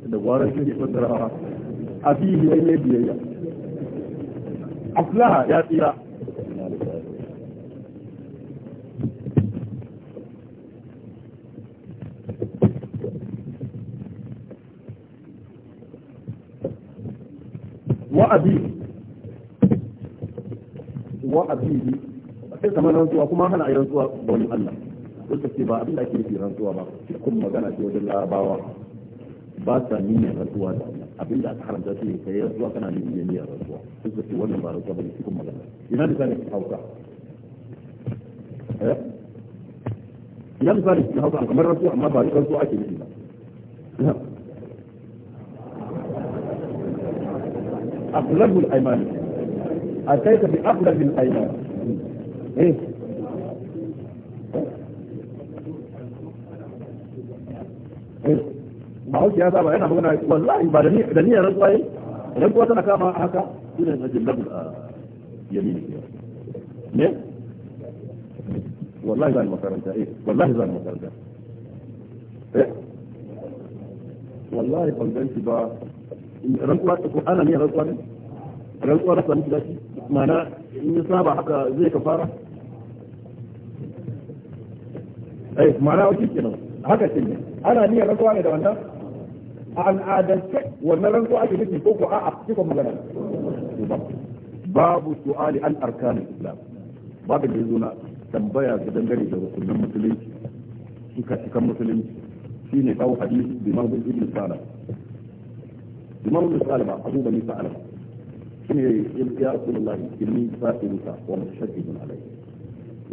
دوارة يفسرها أبيه يبلي أصلها يا سيدي wa'abi wa'abi sai kamar rantsuwa kuma hana a yi rantsuwa da wani Allah wata ce ba abin da ake nufi rantsuwa ba cikin magana ce wajen larabawa ba sa niyyar rantsuwa da Allah abin da aka haramta su ne kai rantsuwa kana niyyar niyyar rantsuwa suka ce wannan ba rantsuwa ba ne cikin magana ina misali hausa eh? ina misali hausa kamar rantsuwa amma ba rantsuwa ake nufi ba aqlabul aiman ataita bi aqlabil aiman eh eh ba hauki ya saba yana magana wallahi da niyyar rantsuwaye rantsuwa tana a yamini rantsuwa ko ana ne rantsuwa ne rantsuwa da sami gidashi mana in ya saba haka zai ka fara ai eh, mana wace kenan haka ce ana ne rantsuwa ne da wanda? a al'adance wannan rantsuwa ake nufi ko ko a'a kika magana babu su'ali an arkanin islam babu da yazo na tambaya ga dangane da rukunin musulunci suka cikan musulunci shine kawo hadisi bi mabudi ibn salah imam ibn salama abu bani salama shine ya rasulullah inni fa'iluka wa mushaddidun alayhi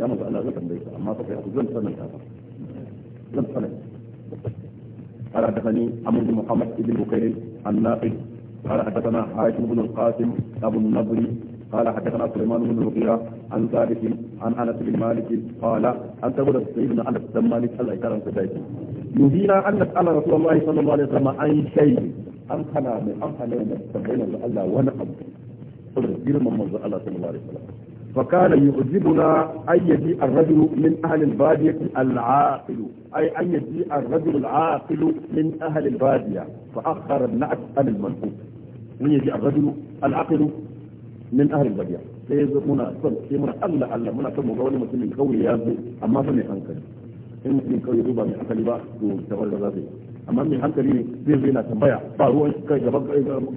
ya manzo Allah zan tambaye amma fa kai zan sanin ka zan sanin قال حدثني عمرو بن محمد بن بكير الناقد قال حدثنا حاتم بن القاسم ابو النضر قال حدثنا سليمان بن المغيرة عن ثابت عن انس بن مالك قال انت ولد سيدنا انس بن مالك الله يكرم سيدنا نهينا ان نسال رسول الله صلى الله عليه وسلم عن شيء an kana mai an kana mai tabbai manzo wani abu saboda girman manzo Allah sallallahu alaihi wasallam fa kana yu'jibuna ayyadi ar-rajul min ahli al-badiyah al-aqil ay ayyadi ar-rajul al-aqil min ahli al-badiyah fa akhara an-na'at an al-mansub min yaji ar-rajul al-aqil min ahli al-badiyah sai yazo muna son sai muna Allah Allah muna son mu ga wani mutumin kauye ya zo amma fa mai hankali in mutumin a duba mai hankali ba to tabar da zai amma mai hankali ne zai zo yana tambaya ba ruwan kai gaba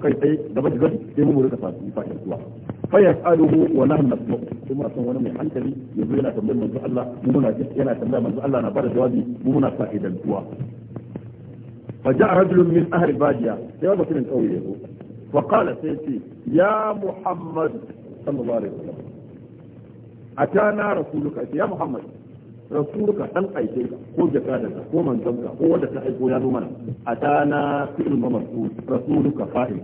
kai tsaye gaba da gaba sai mu rika fasi fasi zuwa fa yas'aluhu wa nahnu nasmu kuma san wani mai hankali ya zo yana tambayar manzo Allah mu muna yana tambaya manzo Allah na bada jawabi mu muna fa'idan zuwa fa ja'a rajulun min ahli badiya sai wani mutumin kauye ya zo fa qala sai ce ya muhammad sallallahu alaihi wasallam atana rasuluka ya muhammad رسولك أن أيديك هو جكادك هو من جنبك هو الذي تحبه يا دومنا أتانا فعل ومفعول رسولك فاعل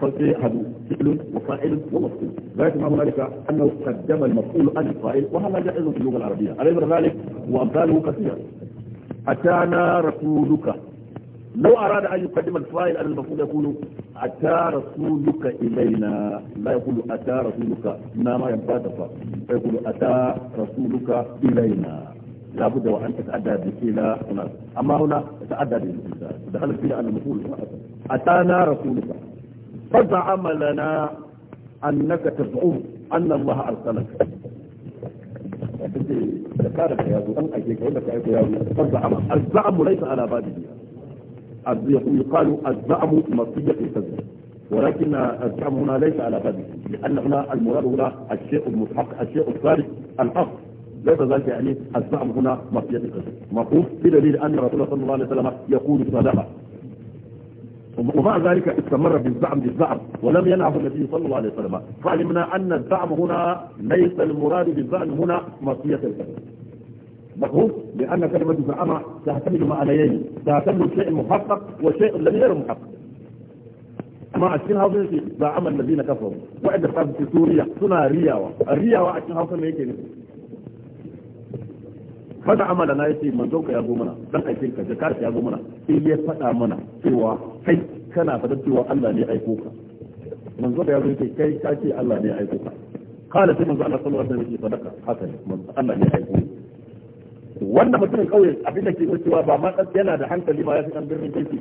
فسيحد فعل وفاعل ومفعول غاية ما هنالك أنه قدم المفعول عن الفاعل وهذا جائز في اللغة العربية أليس ذلك وأمثاله كثيرة أتانا رسولك لو أراد أن يقدم الفاعل على المفعول يقول أتى رسولك إلينا لا يقول أتى رسولك ما ينبغي فيقول أتى رسولك إلينا لا بد وان تتعدى الى هنا اما هنا تتعدى بالانسان دخلت فيها ان المفعول اتانا رسولك فزعم لنا انك تزعم ان الله ارسلك يا يا فزعم الزعم ليس على بابه يقال الزعم مصيه الكذب ولكن الزعم هنا ليس على بابه لان هنا المراد هنا الشيء المتحقق الشيء الثالث الاصل ليس ذلك يعني الزعم هنا مصلحة القسم مفهوم بدليل أن الرسول صلى الله عليه وسلم يقول صدقة ومع ذلك استمر بالزعم بالزعم ولم ينعه النبي صلى الله عليه وسلم فعلمنا أن الزعم هنا ليس المراد بالزعم هنا مصلحة القسم مفهوم لأن كلمة زعم تحتمل معنيين تحتمل شيء محقق وشيء لم غير محقق ما أشكين هاوسين في زعم الذين كفروا وإذا في سوريا سنا ريا الرياوة أشكين هاوسين ما يكي fada amala na yace manzon ka ya zo mana dan aikin ka zakar ya zo mana sai ya fada mana cewa kai kana fadar cewa Allah ne aiko ka manzon ka ya zo kai ka ce Allah ne aiko ka kana sai manzon Allah sallallahu alaihi wasallam ya ka, haka ne manzon Allah ne aiko wannan mutumin kauye abin da ke cewa ba ma yana da hankali ba ya fi birnin kirki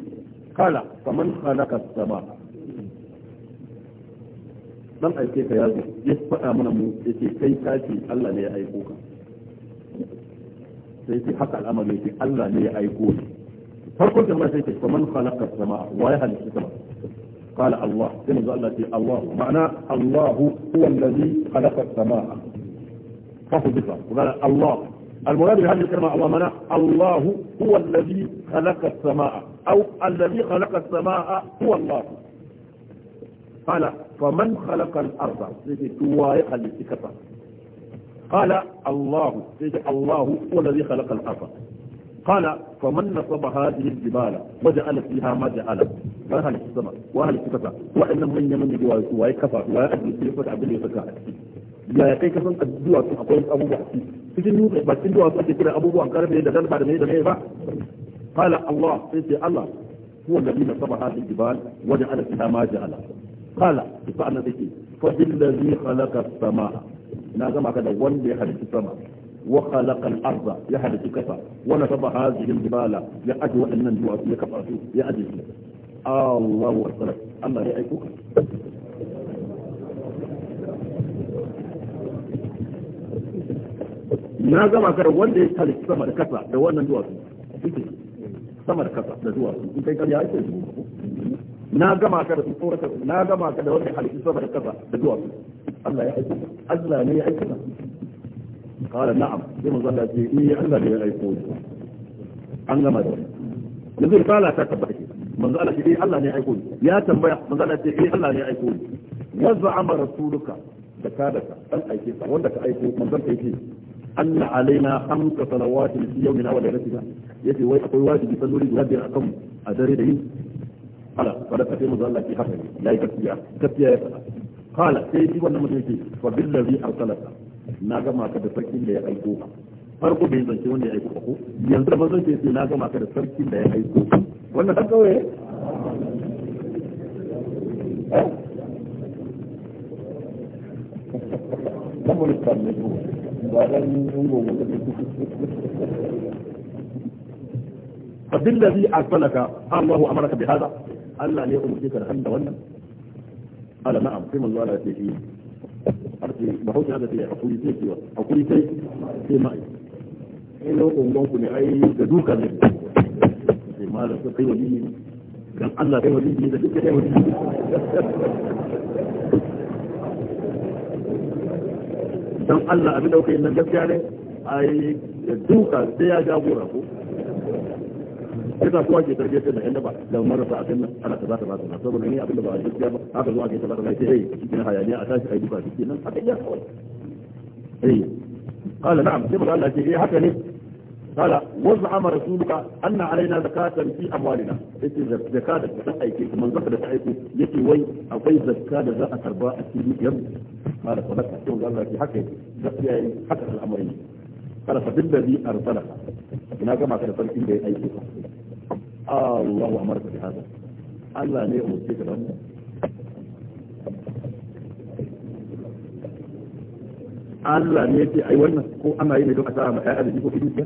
kala kaman khalaqa sama dan aike ka ya zo ya fada mana mu yace kai ka ce Allah ne ya aiko ka sai ce haka al'amari yake Allah ne ya aiko shi farkon da sai ce kaman khalaqa samaa wa ya halitta sama قال الله كما قال الله الله معناه الله هو الذي خلق السماء فخذ وقال الله المراد بهذه الكلمة الله معناه الله هو الذي خلق السماء أو الذي خلق السماء هو الله قال فمن خلق الأرض سيكي توايق لكتفة قال الله الله هو الذي خلق الأرض قال فمن نصب هذه الجبال وجعل فيها ما جعل فهل السماء وهل الكفة وإن من يمن جواز ويكفى ويأجل في فتح بلي فتح ya kai kasan addu'a su akwai abubuwa cikin nutse bakin duwatsu ake kira abubuwan karfe da dalba da mai da الله ba qala هو الذي نصب هذه الجبال وجعل فيها ما جعل قال فأنا ذكي فبالذي خلق السماء na gama ka da wanda ya halitta sama wa khalaqa al-ardha ya halitta kasa wa nasaba hadhihi al-jibala ya aji waɗannan duwatsu ya kafa su ya aji su Allahu akbar Allah ya aiko na gama ka da wanda ya halitta sama da kasa da wannan duwatsu sama da kasa da duwatsu in kai karya ake su na gama ka da tsoron na gama ka da wani halittu sama da kasa da duwatsu Allah ya aiki Allah ne ya aiki kala na'am sai mun zalla ce ni Allah ne ya aiko an gama da wani yanzu kala ta tabbata ke manzo Allah ce eh, Allah ne ya aiko ya tambaya manzo Allah ce eh, Allah ne ya aiko ya za'ama rasuluka da kadaka dan aike sa wanda ka aiko manzo ka yake أن علينا خمس صلوات في يومنا ولا غيرنا يأتي ويأتي ويواجب يصلي a dare da يصلي ala wanda ka taimu Allah ki haka yayi ka gaskiya ya faɗa qala sai shi wannan mutum yake fa billazi arsalaka na gama ka da sarkin da ya aiko ka farko bai zance wanda ya aiko ko yanzu da bazan ce na gama ka da sarkin da ya aiko wannan dan kawai فبالذي أرسلك الله أمرك بهذا Allah ne umurce ka da wannan ala na'am sai manzo Allah ya ce shi arti ba hausa da ce hakuri sai kiwa hakuri sai sai mai in lokacin gonku ne ai da duka ne sai malam sai kai wani ne dan Allah kai wani ne da duka kai wani dan Allah abin da kai nan gaskiya ne ai da duka sai ya jagora ko yasa kowa ke tarbiyyar da yan daba da marasa a kanna ana ta zata zata saboda ni abin da ba a gaskiya ba haka zuwa ke ta zata lafiya eh cikin hayaniya a tashi a yi duka cikin nan a kai ya kawai eh kuma zaka da yake wai akwai zakka da za a karba a cikin yau قال صدقت يقول الله في حكي زكية حكى الامرين قال فبالذي ارسلك هناك ما كان Allahu amarka bi hada Allah ne ya ka da wannan Allah ne yake ai wannan ko ana yi ne don a sa ma ƴaƴa da dukiya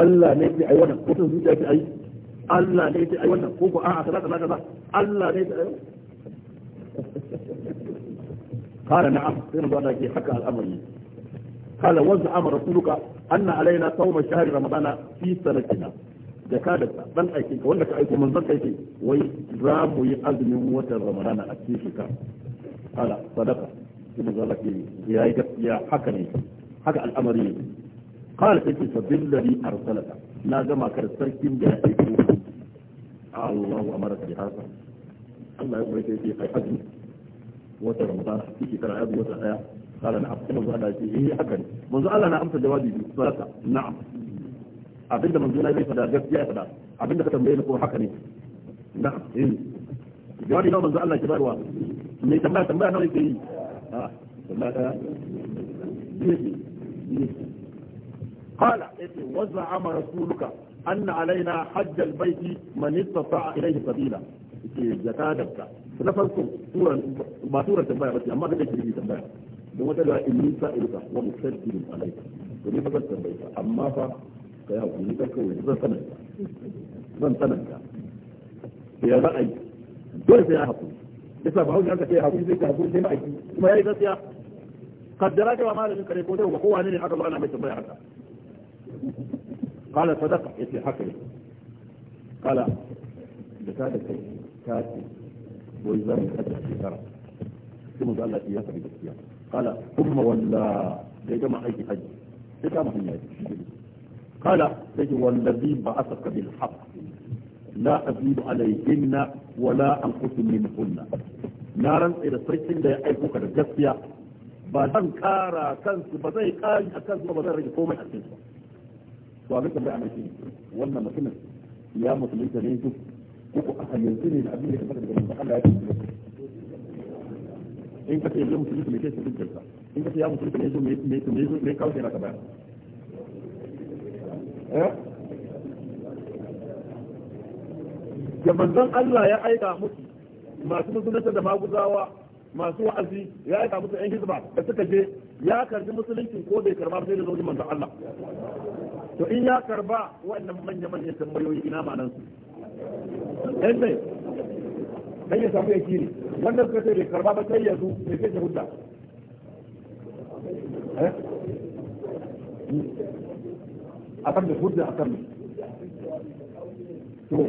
Allah ne yake ai wannan ko sun zuciya yake ai Allah ne yake ai wannan ko ko a'a kaza kaza kaza Allah ne ai قال نعم سيدنا الله يكي حكى الأمر قال وزعم رسولك أن علينا صوم شهر رمضان في سنتنا da ka da dan aiki ka wanda ka aiko manzon kai ce wai za mu yi azumin watan ramadana a cikin shekara ala sadaka kuma zalla ke ya yi gaskiya haka ne haka al'amari ne qala sai fa billahi arsalaka na gama kar sarkin da ya aiko Allahu amaraka bi hasa Allah ya umarce shi kai azumi watan ramadana a cikin shekara ya wata daya قال نعم كما قال إيه حقا Allah na amsa فالجواب صدق نعم abinda manzo na bai fada gaskiya ya fada abinda ka tambaye ni ko haka ne na eh jawabi na manzo Allah ke barwa ne tambaya tambaya na yake yi a tambaya قال وزعم رسولك أن علينا حج البيت من استطاع إليه سبيلا زكادك نفسكم سورة ما سورة تنبايا بس أما كده تجري تنبايا دون وتلا إني سائلك ومسجد عليك ودي فقط تنبايا أما فا kai hakuri kai kawai zan tsananta zan tsananta ya za a yi dole sai ya hakuri yasa ba hausa aka ce hakuri sai ka hakuri sai ma'aiki kuma ya yi gaskiya kaddara cewa malamin kare ko dai ba kowa ne ne aka zo ana mai tambaya haka قال صدق يتي حقي قال بكاد كاتي ويزن كاتي كتر ثم قال لك يا سيدي قال ثم ولا يا جماعه حج كما هي قال تجوى والذي بعثك بالحق لا أزيد عليهن ولا أنقص منهن نارا إلى سيكين لا يأيكوك الجسية بعدان كارا كنس بزي كاي أكنس بزي رجل كومي أكنس وعليك بقى عمشين وانا مكنا يا مسلمين شوف كوكو أهل ينزيني لأبين لك بقى بقى الله يكون إنك تقول يا مسلمين تنينتو إنك يا مسلمين تنينتو ميتو ميتو ميتو ميتو ميتو ميت ya eh? manzon Allah ya aika musu masu musulunta da maguzawa masu wa'azi ya aika musu yan hizba da suka je ya karbi musuluncin ko bai karba sai da zoji manzon Allah to in ya karba wannan manya manyan tambayoyi ina nan su ɗan ne dan ya samu yaki ne wannan suka ce bai karba ba sai ya zo bai sai ya hudda akan da hujja akan to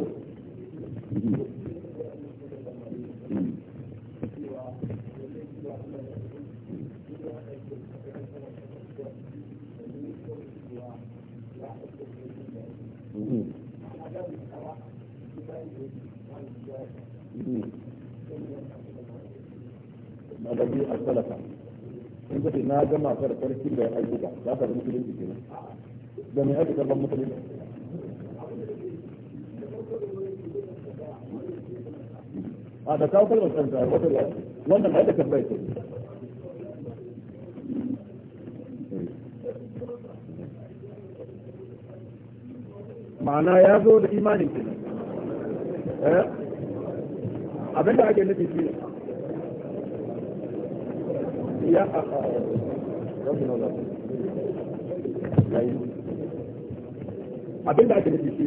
a salaka in na gama kar farki da ayyuka za ka da musulunci kenan ده من أجل الله مطلق هذا آه كاو كلمة كنت وصل لندن هذا كبيت معناه يا زود إيمانك أه؟ abinda ake nufi shi ne ya a abinda ake nufi shi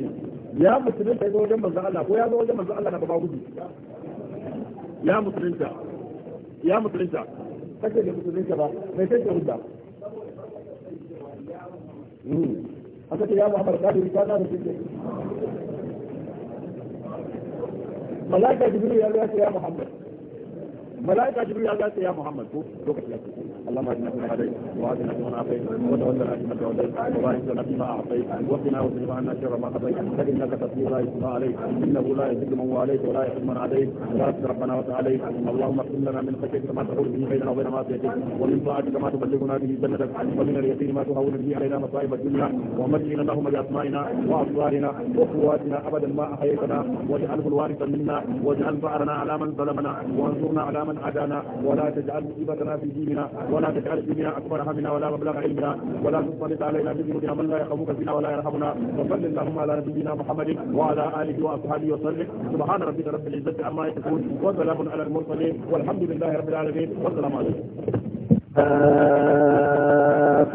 ne ya musulunta ya zo wajen manzo Allah ko ya zo wajen manzo Allah na baba gudu ya musulunta ya musulunta kake da musulunta ba mai sai ke hudda hmm. aka ce ya Muhammad ka da na da kike malaka jibril ya zo ya Muhammad ملائكة جبريل قالت يا محمد كو لوكت لك اللهم اجعلنا من هديت وآتنا من عافيت وتولنا من توليت وبارك لنا فيما أعطيت وقنا واصرف عنا شر ما قضيت فإنك تقضي لا يقضى عليك إنه لا يذل من واليت ولا يحب من عليك بارك ربنا وتعاليك اللهم اغفر لنا من خشيتك ما تحول به بيننا وبين معصيتك ومن طاعتك ما تبلغنا به جنتك ومن اليقين ما تهون به علينا مصائب الدنيا ومجئنا اللهم بأسمائنا وأبصارنا وقواتنا أبدا ما أحييتنا واجعله الوارث منا واجعل فأرنا على من ظلمنا وانصرنا على من من عدانا ولا تجعل مصيبتنا في ديننا ولا تجعل ديننا اكبر همنا ولا مبلغ علمنا ولا تسلط علينا بذنوبنا من لا يخافك فينا ولا يرحمنا وصل اللهم على نبينا محمد وعلى اله واصحابه وسلم سبحان ربك رب العزه عما يصفون وسلام على المرسلين والحمد لله رب العالمين والسلام عليكم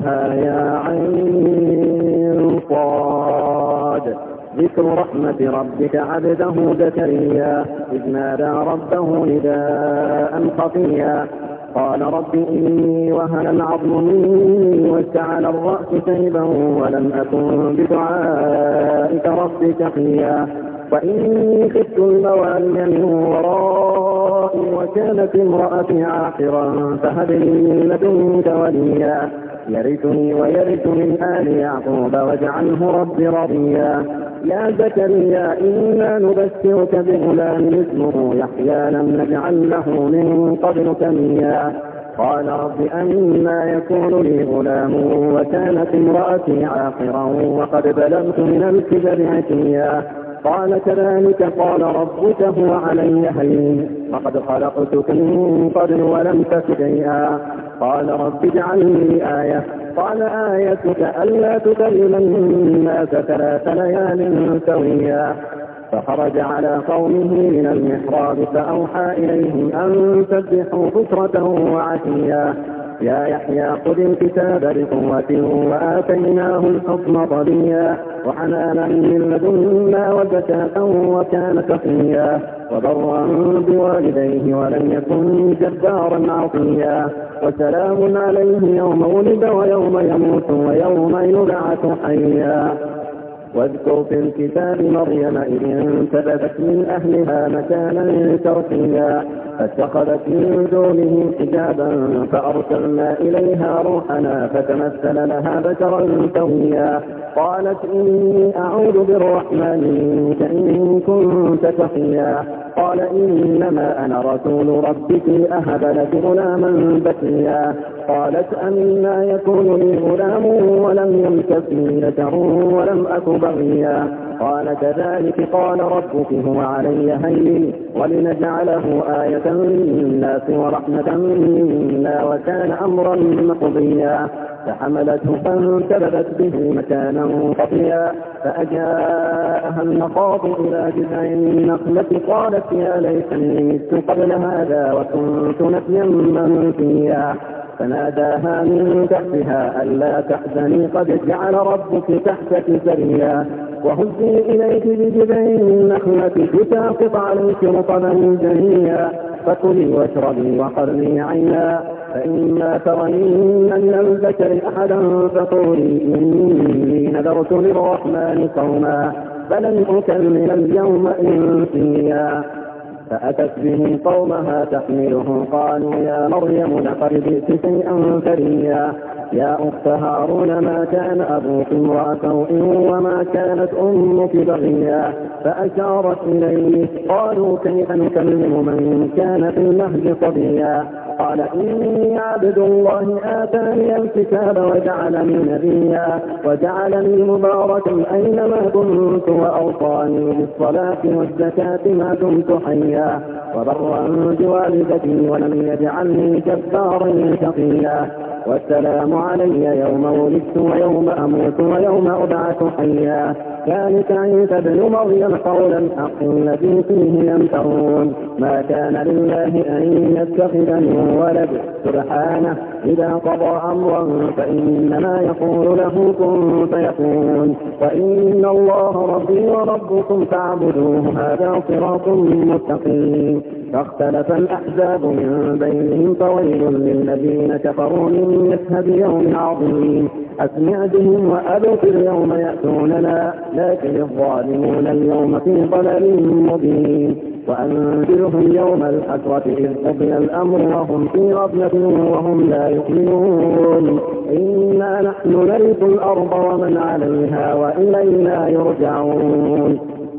فيا عين صاد ذكر رحمة ربك عبده زكريا إذ نادى ربه نداء خفيا قال رب إني وهن العظم مني واشتعل الرأس شيبا ولم أكن بدعائك رب شقيا وإني خفت الموالي من ورائي وكانت امرأتي عاقرا فهب لي من لدنك وليا يرثني ويرث من آل يعقوب واجعله رب رضيا يا زكريا إنا نبشرك بغلام اسمه يحيى لم نجعل له من قبل سميا قال رب أنا يكون لي غلام وكانت امرأتي عاقرا وقد بلغت من الكبر عتيا قال كذلك قال ربك هو علي هين وقد خلقتك من قبل ولم تك شيئا قال رب اجعل لي آية قال آيتك ألا تكلم الناس ثلاث ليال سويا فخرج على قومه من المحراب فأوحى إليهم أن سبحوا بكرة وعشيا يا يحيى خذ الكتاب بقوة وآتيناه الحكم طبيا وحنانا من لدنا وزكاة وكان تقيا وبرا بوالديه ولم يكن جبارا عصيا وسلام عليه يوم ولد ويوم يموت ويوم يبعث حيا واذكر في الكتاب مريم إذ انتبذت من أهلها مكانا ترقيا فاتخذت من دونه حجابا فأرسلنا إليها روحنا فتمثل لها بشرا سويا قالت إني أعوذ بالرحمن منك إن كنت تقيا قال إنما أنا رسول ربك أهب لك غلاما بكيا قالت أنا يكون لي غلام ولم يمسكني ذكر ولم أك بغيا قال كذلك قال ربك هو علي هين ولنجعله آية للناس ورحمة منا وكان أمرا مقضيا فحملته فانتبذت به مكانا خطيا فأجاءها النقاط إلى جذع النخلة قالت يا ليتني مت قبل هذا وكنت نفيا منسيا فناداها من تحتها ألا تحزني قد جعل ربك تحتك سريا وهزي إليك بجذع النخلة تساقط عليك رطبا جنيا فكلي واشربي وقرني عينا فإما ترين من البشر أحدا فقولي إني نذرت للرحمن قوما فلن أكلم اليوم إنسيا فأتت به قومها تحمله قالوا يا مريم لقد جئت شيئا فريا يا أخت هارون ما كان أبوك امرأ سوء وما كانت أمك بغيا فأشارت إليه قالوا كيف نكلم من كان في المهد صبيا قال إني عبد الله آتاني الكتاب وجعلني نبيا وجعلني مباركا أينما كنت وأوصاني بالصلاة والزكاة ما دمت حيا وبرا بوالدتي ولم يجعلني جبارا شقيا والسلام علي يوم ولدت ويوم أموت ويوم أبعث حيا ذلك عيسى بن مريم قول الحق الذي فيه يمترون ما كان لله أن يتخذ من ولد سبحانه إذا قضى أمرا فإنما يقول له كن فيكون وإن الله ربي وربكم فاعبدوه هذا صراط مستقيم فاختلف الأحزاب من بينهم فويل للذين كفروا من يشهد يوم عظيم أسمع بهم وأبصر يوم يأتوننا لكن الظالمون اليوم في ضلال مبين وأنذرهم يوم الحسرة إذ قضي الأمر وهم في غفلة وهم لا يؤمنون إنا نحن نرث الأرض ومن عليها وإلينا يرجعون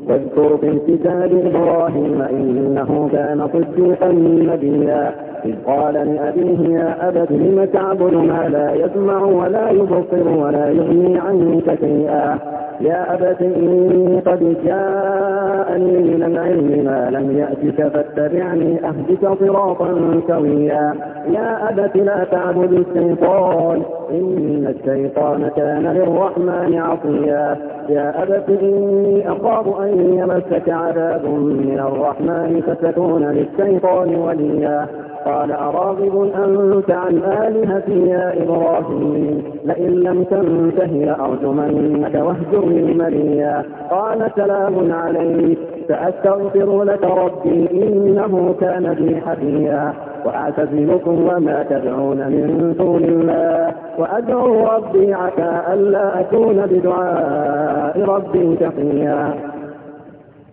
واذكر في كتاب إبراهيم إنه كان صديقا نبيا إذ قال لأبيه يا أبت لم تعبد ما لا يسمع ولا يبصر ولا يغني عنك شيئا يا أبت إني قد جاءني من العلم ما لم يأتك فاتبعني أهدك صراطا سويا يا أبت لا تعبد الشيطان إن الشيطان كان للرحمن عصيا يا أبت إني أخاف أن يمسك عذاب من الرحمن فتكون للشيطان وليا قال أراغب أنت عن آلهتي يا إبراهيم لئن لم تنته لأرجمنك واهجرني مليا قال سلام عليك سأستغفر لك ربي إنه كان بي حفيا وأعتزلكم وما تدعون من دون الله وأدعو ربي عسى ألا أكون بدعاء ربي شقيا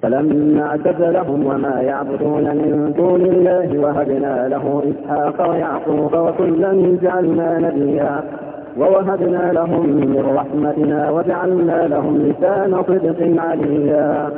فلما اعتزلهم وما يعبدون من دون الله وهبنا له إسحاق ويعقوب وكلا جعلنا نبيا ووهبنا لهم من رحمتنا وجعلنا لهم لسان صدق عليا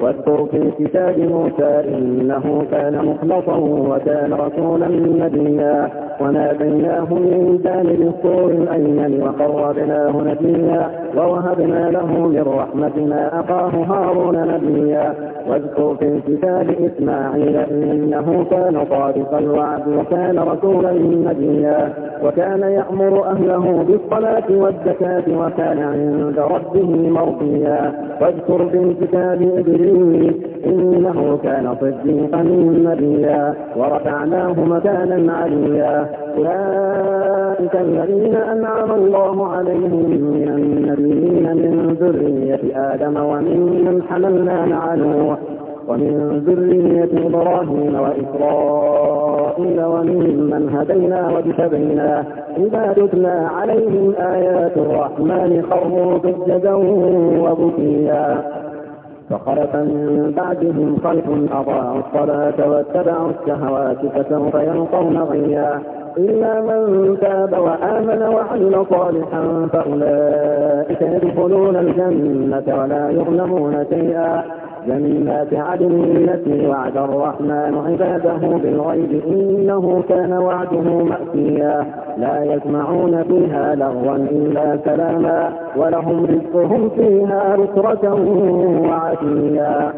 واذكر في كتاب موسى إنه كان مخلصا وكان رسولا نبيا وناديناه من جانب الطور الأيمن وقربناه نبيا ووهبنا له من رحمتنا أخاه هارون نبيا واذكر في كتاب إسماعيل إنه كان صادق الوعد وكان رسولا نبيا وكان يأمر أهله بالصلاة والزكاة وكان عند ربه مرضيا واذكر في الكتاب إدريس إنه كان صديقا نبيا ورفعناه مكانا عليا أولئك الذين أنعم الله عليهم من النبيين من ذرية آدم وممن حملنا مع نوح ومن ذرية إبراهيم وإسرائيل وممن هدينا واجتبينا إذا تتلى عليهم آيات الرحمن خروا سجدا وبكيا فخلف من بعدهم خلف أضاعوا الصلاة واتبعوا الشهوات فسوف يلقون غيا إلا من تاب وآمن وعمل صالحا فأولئك يدخلون الجنة ولا يظلمون شيئا جنات عدن التي وعد الرحمن عباده بالغيب إنه كان وعده مأتيا لا يسمعون فيها لغوا إلا سلاما ولهم رزقهم فيها بكرة وعشيا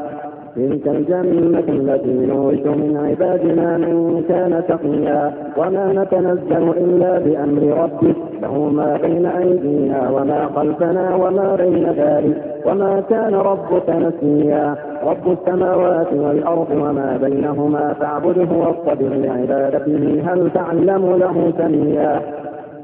تلك الجنة التي نورث من عبادنا من كان تقيا وما نتنزل إلا بأمر ربك له ما بين أيدينا وما خلفنا وما بين ذلك وما كان ربك نسيا رب السماوات والأرض وما بينهما فاعبده واصطبر لعبادته هل تعلم له سميا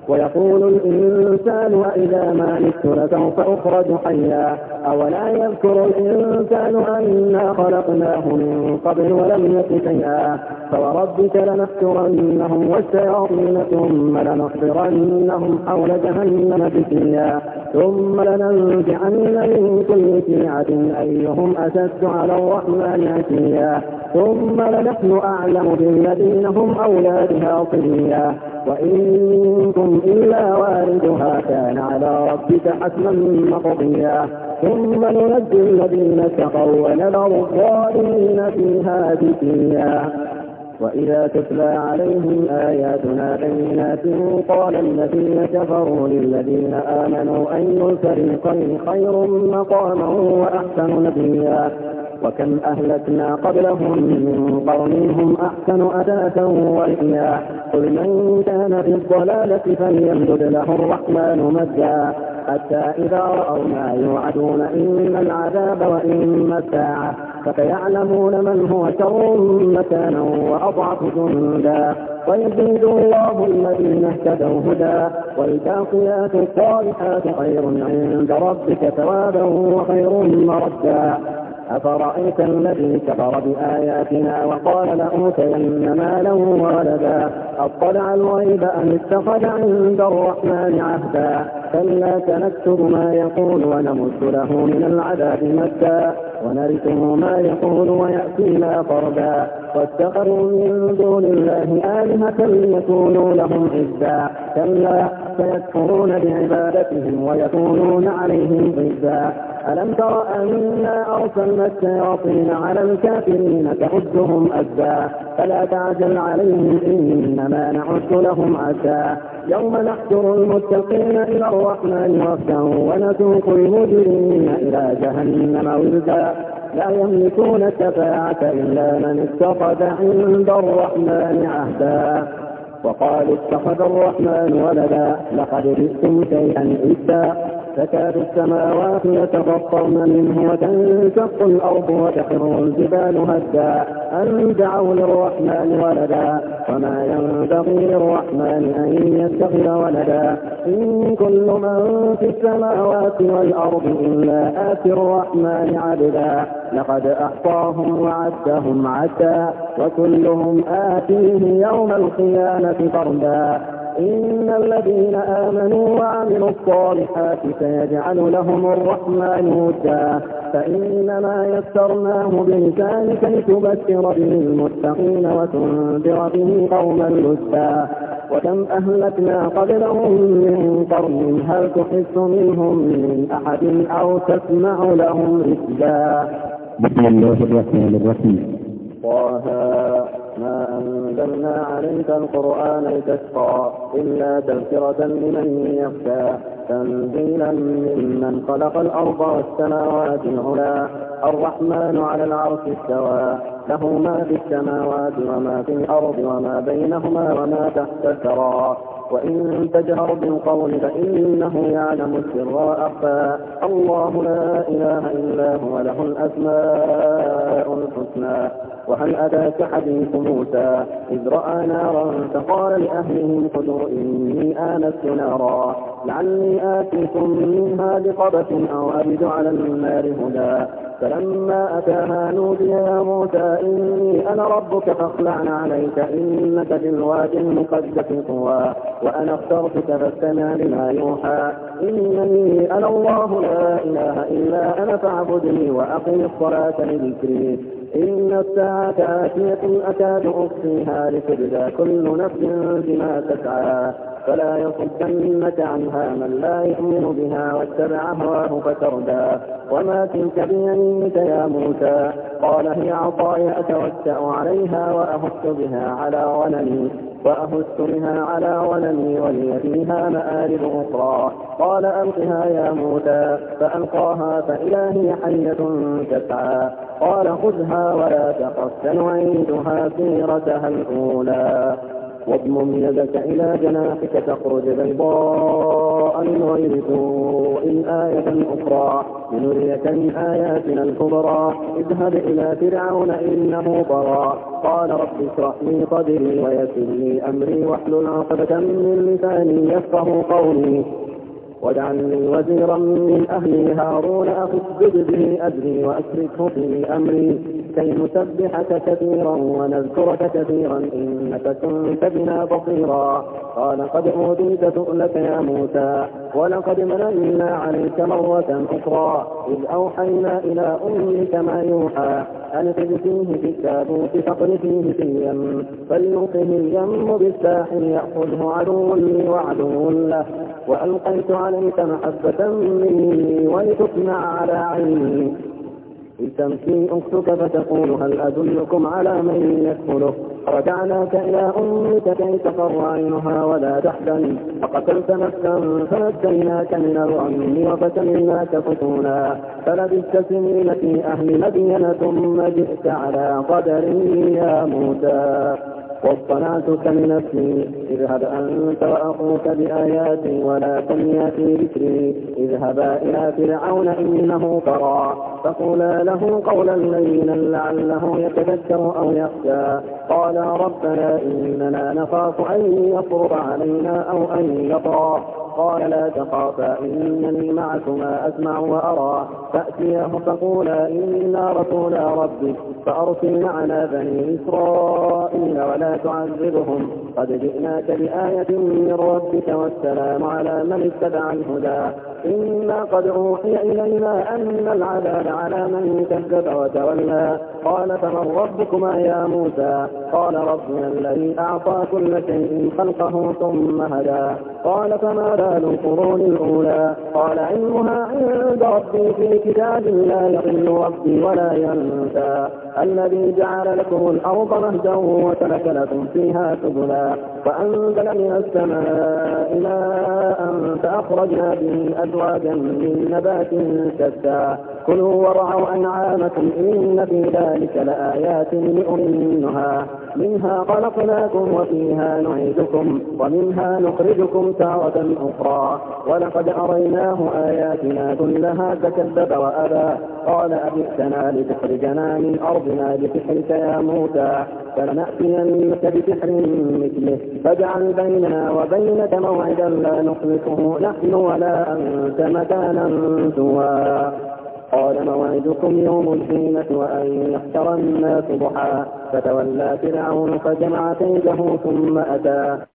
ويقول الإنسان وإذا ما مت لسوف أخرج حيا أولا يذكر الإنسان أنا خلقناه من قبل ولم يك شيئا فوربك لنحشرنهم والشياطين ثم لنحضرنهم حول جهنم جثيا ثم لننزعن من كل شيعة أيهم أشد على الرحمن عتيا ثم لنحن أعلم بالذين هم أولى بها صليا وإن إلا واردها كان على ربك حتما مقضيا ثم ننجي الذين اتقوا ونذر الظالمين فيها جثيا وإذا تتلى عليهم آياتنا بينات قال الذين كفروا للذين آمنوا أي الفريقين خير مقاما وأحسن نبيا وكم أهلكنا قبلهم من قرن هم أحسن أثاثا ورئيا قل من كان في الضلالة فليمدد له الرحمن مدا حتى إذا رأوا ما يوعدون إما العذاب وإما الساعة فسيعلمون من هو شر مكانا وأضعف جندا ويزيد الله الذين اهتدوا هدى والباقيات الصالحات خير عند ربك ثوابا وخير مردا أفرأيت الذي كفر بآياتنا وقال لأوتين مالا وولدا أطلع الغيب أم اتخذ عند الرحمن عهدا كلا سنكتب ما يقول ونمد له من العذاب مدا ونرثه ما يقول ويأتينا فردا واتخذوا من دون الله آلهة ليكونوا لهم عزا كلا سيكفرون بعبادتهم ويكونون عليهم عزا ألم تر أنا أرسلنا الشياطين على الكافرين تعدهم أزا فلا تعجل عليهم إنما نعد لهم عزا يوم نحشر المتقين إلى الرحمن وفدا ونسوق المجرمين إلى جهنم ولدا لا يملكون الشفاعة إلا من اتخذ عند الرحمن عهدا وقالوا اتخذ الرحمن ولدا لقد جئتم شيئا إدا تكاد السماوات يتبطرن منه وتنشق الأرض وتخر الجبال هدا أن دعوا للرحمن ولدا وما ينبغي للرحمن أن يتخذ ولدا إن كل من في السماوات والأرض إلا آتي الرحمن عبدا لقد أحصاهم وعدهم عدا وكلهم آتيه يوم القيامة فردا إن الذين آمنوا وعملوا الصالحات سيجعل لهم الرحمن هدى فإنما يسرناه بلسانك لتبشر به المتقين وتنذر به قوما لدا وكم أهلكنا قبلهم من قرن هل تحس منهم من أحد أو تسمع لهم رشدا بسم الله الرحمن الرحيم طه ما أنزلنا عليك القرآن لتشقى إلا تذكرة لمن يخشى تنزيلا ممن خلق الأرض والسماوات العلى الرحمن على العرش استوى له ما في السماوات وما في الأرض وما بينهما وما تحت الثرى وإن تجهر بالقول فإنه يعلم السر وأخفى الله لا إله إلا هو له الأسماء الحسنى وهل أتاك حديث موسى إذ رأى نارا فقال لأهلهم خذوا إني آنست نارا لعلي آتيكم منها بقبس أو أجد على النار هدى فلما أتاها نودي يا موسى إني أنا ربك فاخلع عليك إنك بالوادي المقدس طوى وأنا اخترتك فاستمع لما يوحى إنني أنا الله لا إله إلا أنا فاعبدني وأقم الصلاة لذكري إن الساعة آتية أكاد أخفيها لتجزى كل نفس بما تسعى فلا يصدنك عنها من لا يؤمن بها واتبع هواه فتردى وما تلك بيمينك يا موسى قال هي عطاي أتوسع عليها وأهش بها على غنمي وأهدت بها على ولمي ولي فيها مآرب أخرى قال ألقها يا موسى فألقاها فإذا هي حية تسعى قال خذها ولا تخف سنعيدها سيرتها الأولى واضمم يدك إلى جناحك تخرج بيضاء من غير سوء آية أخرى لنريك من آياتنا الكبرى اذهب إلى فرعون إنه طغى قال رب اشرح لي صدري ويسر لي أمري واحلل عقدة من لساني يفقه قولي واجعلني وزيرا من أهلي هارون أخي اسجد به أجري وأشركه في أمري كي نسبحك كثيرا ونذكرك كثيرا إنك كنت بنا بصيرا قال قد أوتيت سؤلك يا موسى ولقد مننا عليك مرة أخرى إذ أوحينا إلى أمك ما يوحى أن اخرجيه في التابوت فاقذفيه في اليم فليلقه اليم بالساحل يأخذه عدو لي وعدو له وألقيت عليك محبة مني ولتصنع على عيني إذ تمشي أختك فتقول هل أدلكم على من يكفله رجعناك إلى أمك كي تقر عينها ولا تحزن فقتلت نفسا فنجيناك من الغم وفتناك فتونا فلبثت سنين في أهل مدينة ثم جئت على قدر يا موسى والصلاة كمن اسمي اذهب أنت وأخوك بآياتي ولا تنيا في ذكري اذهبا إلى فرعون إنه طغى فقولا له قولا لينا لعله يتذكر أو يخشى قالا ربنا إننا نخاف أن يفرض علينا أو أن يطغى قال لا تخافا إنني معكما أسمع وأرى فأتياه فقولا إنا رسولا ربك فأرسل معنا بني إسرائيل ولا تعذبهم قد جئناك بآية من ربك والسلام على من اتبع الهدى إنا قد أوحي إلينا أن العذاب على من كذب وتولى قال فمن ربكما يا موسى قال ربنا الذي أعطى كل شيء خلقه ثم هدى قال فما بال القرون الأولى قال علمها عند ربي في كتاب لا يضل ربي ولا ينسى الذي جعل لكم الأرض مهدا وسلك لكم فيها سبلا وأنزل من السماء ماء فأخرجنا به أزواجا من نبات شتى كلوا وارعوا أنعامكم إن في ذلك لآيات لأولي منها خلقناكم وفيها نعيدكم ومنها نخرجكم تارة أخرى ولقد أريناه آياتنا كلها فكذب وأبى قال أبئتنا لتخرجنا من أرض ربنا بسحرك يا موسى فلنأتينك بسحر مثله فاجعل بيننا وبينك موعدا لا نخلفه نحن ولا أنت مكانا سوى قال موعدكم يوم الزينة وأن يحشر الناس ضحى فتولى فرعون فجمع كيده ثم أتى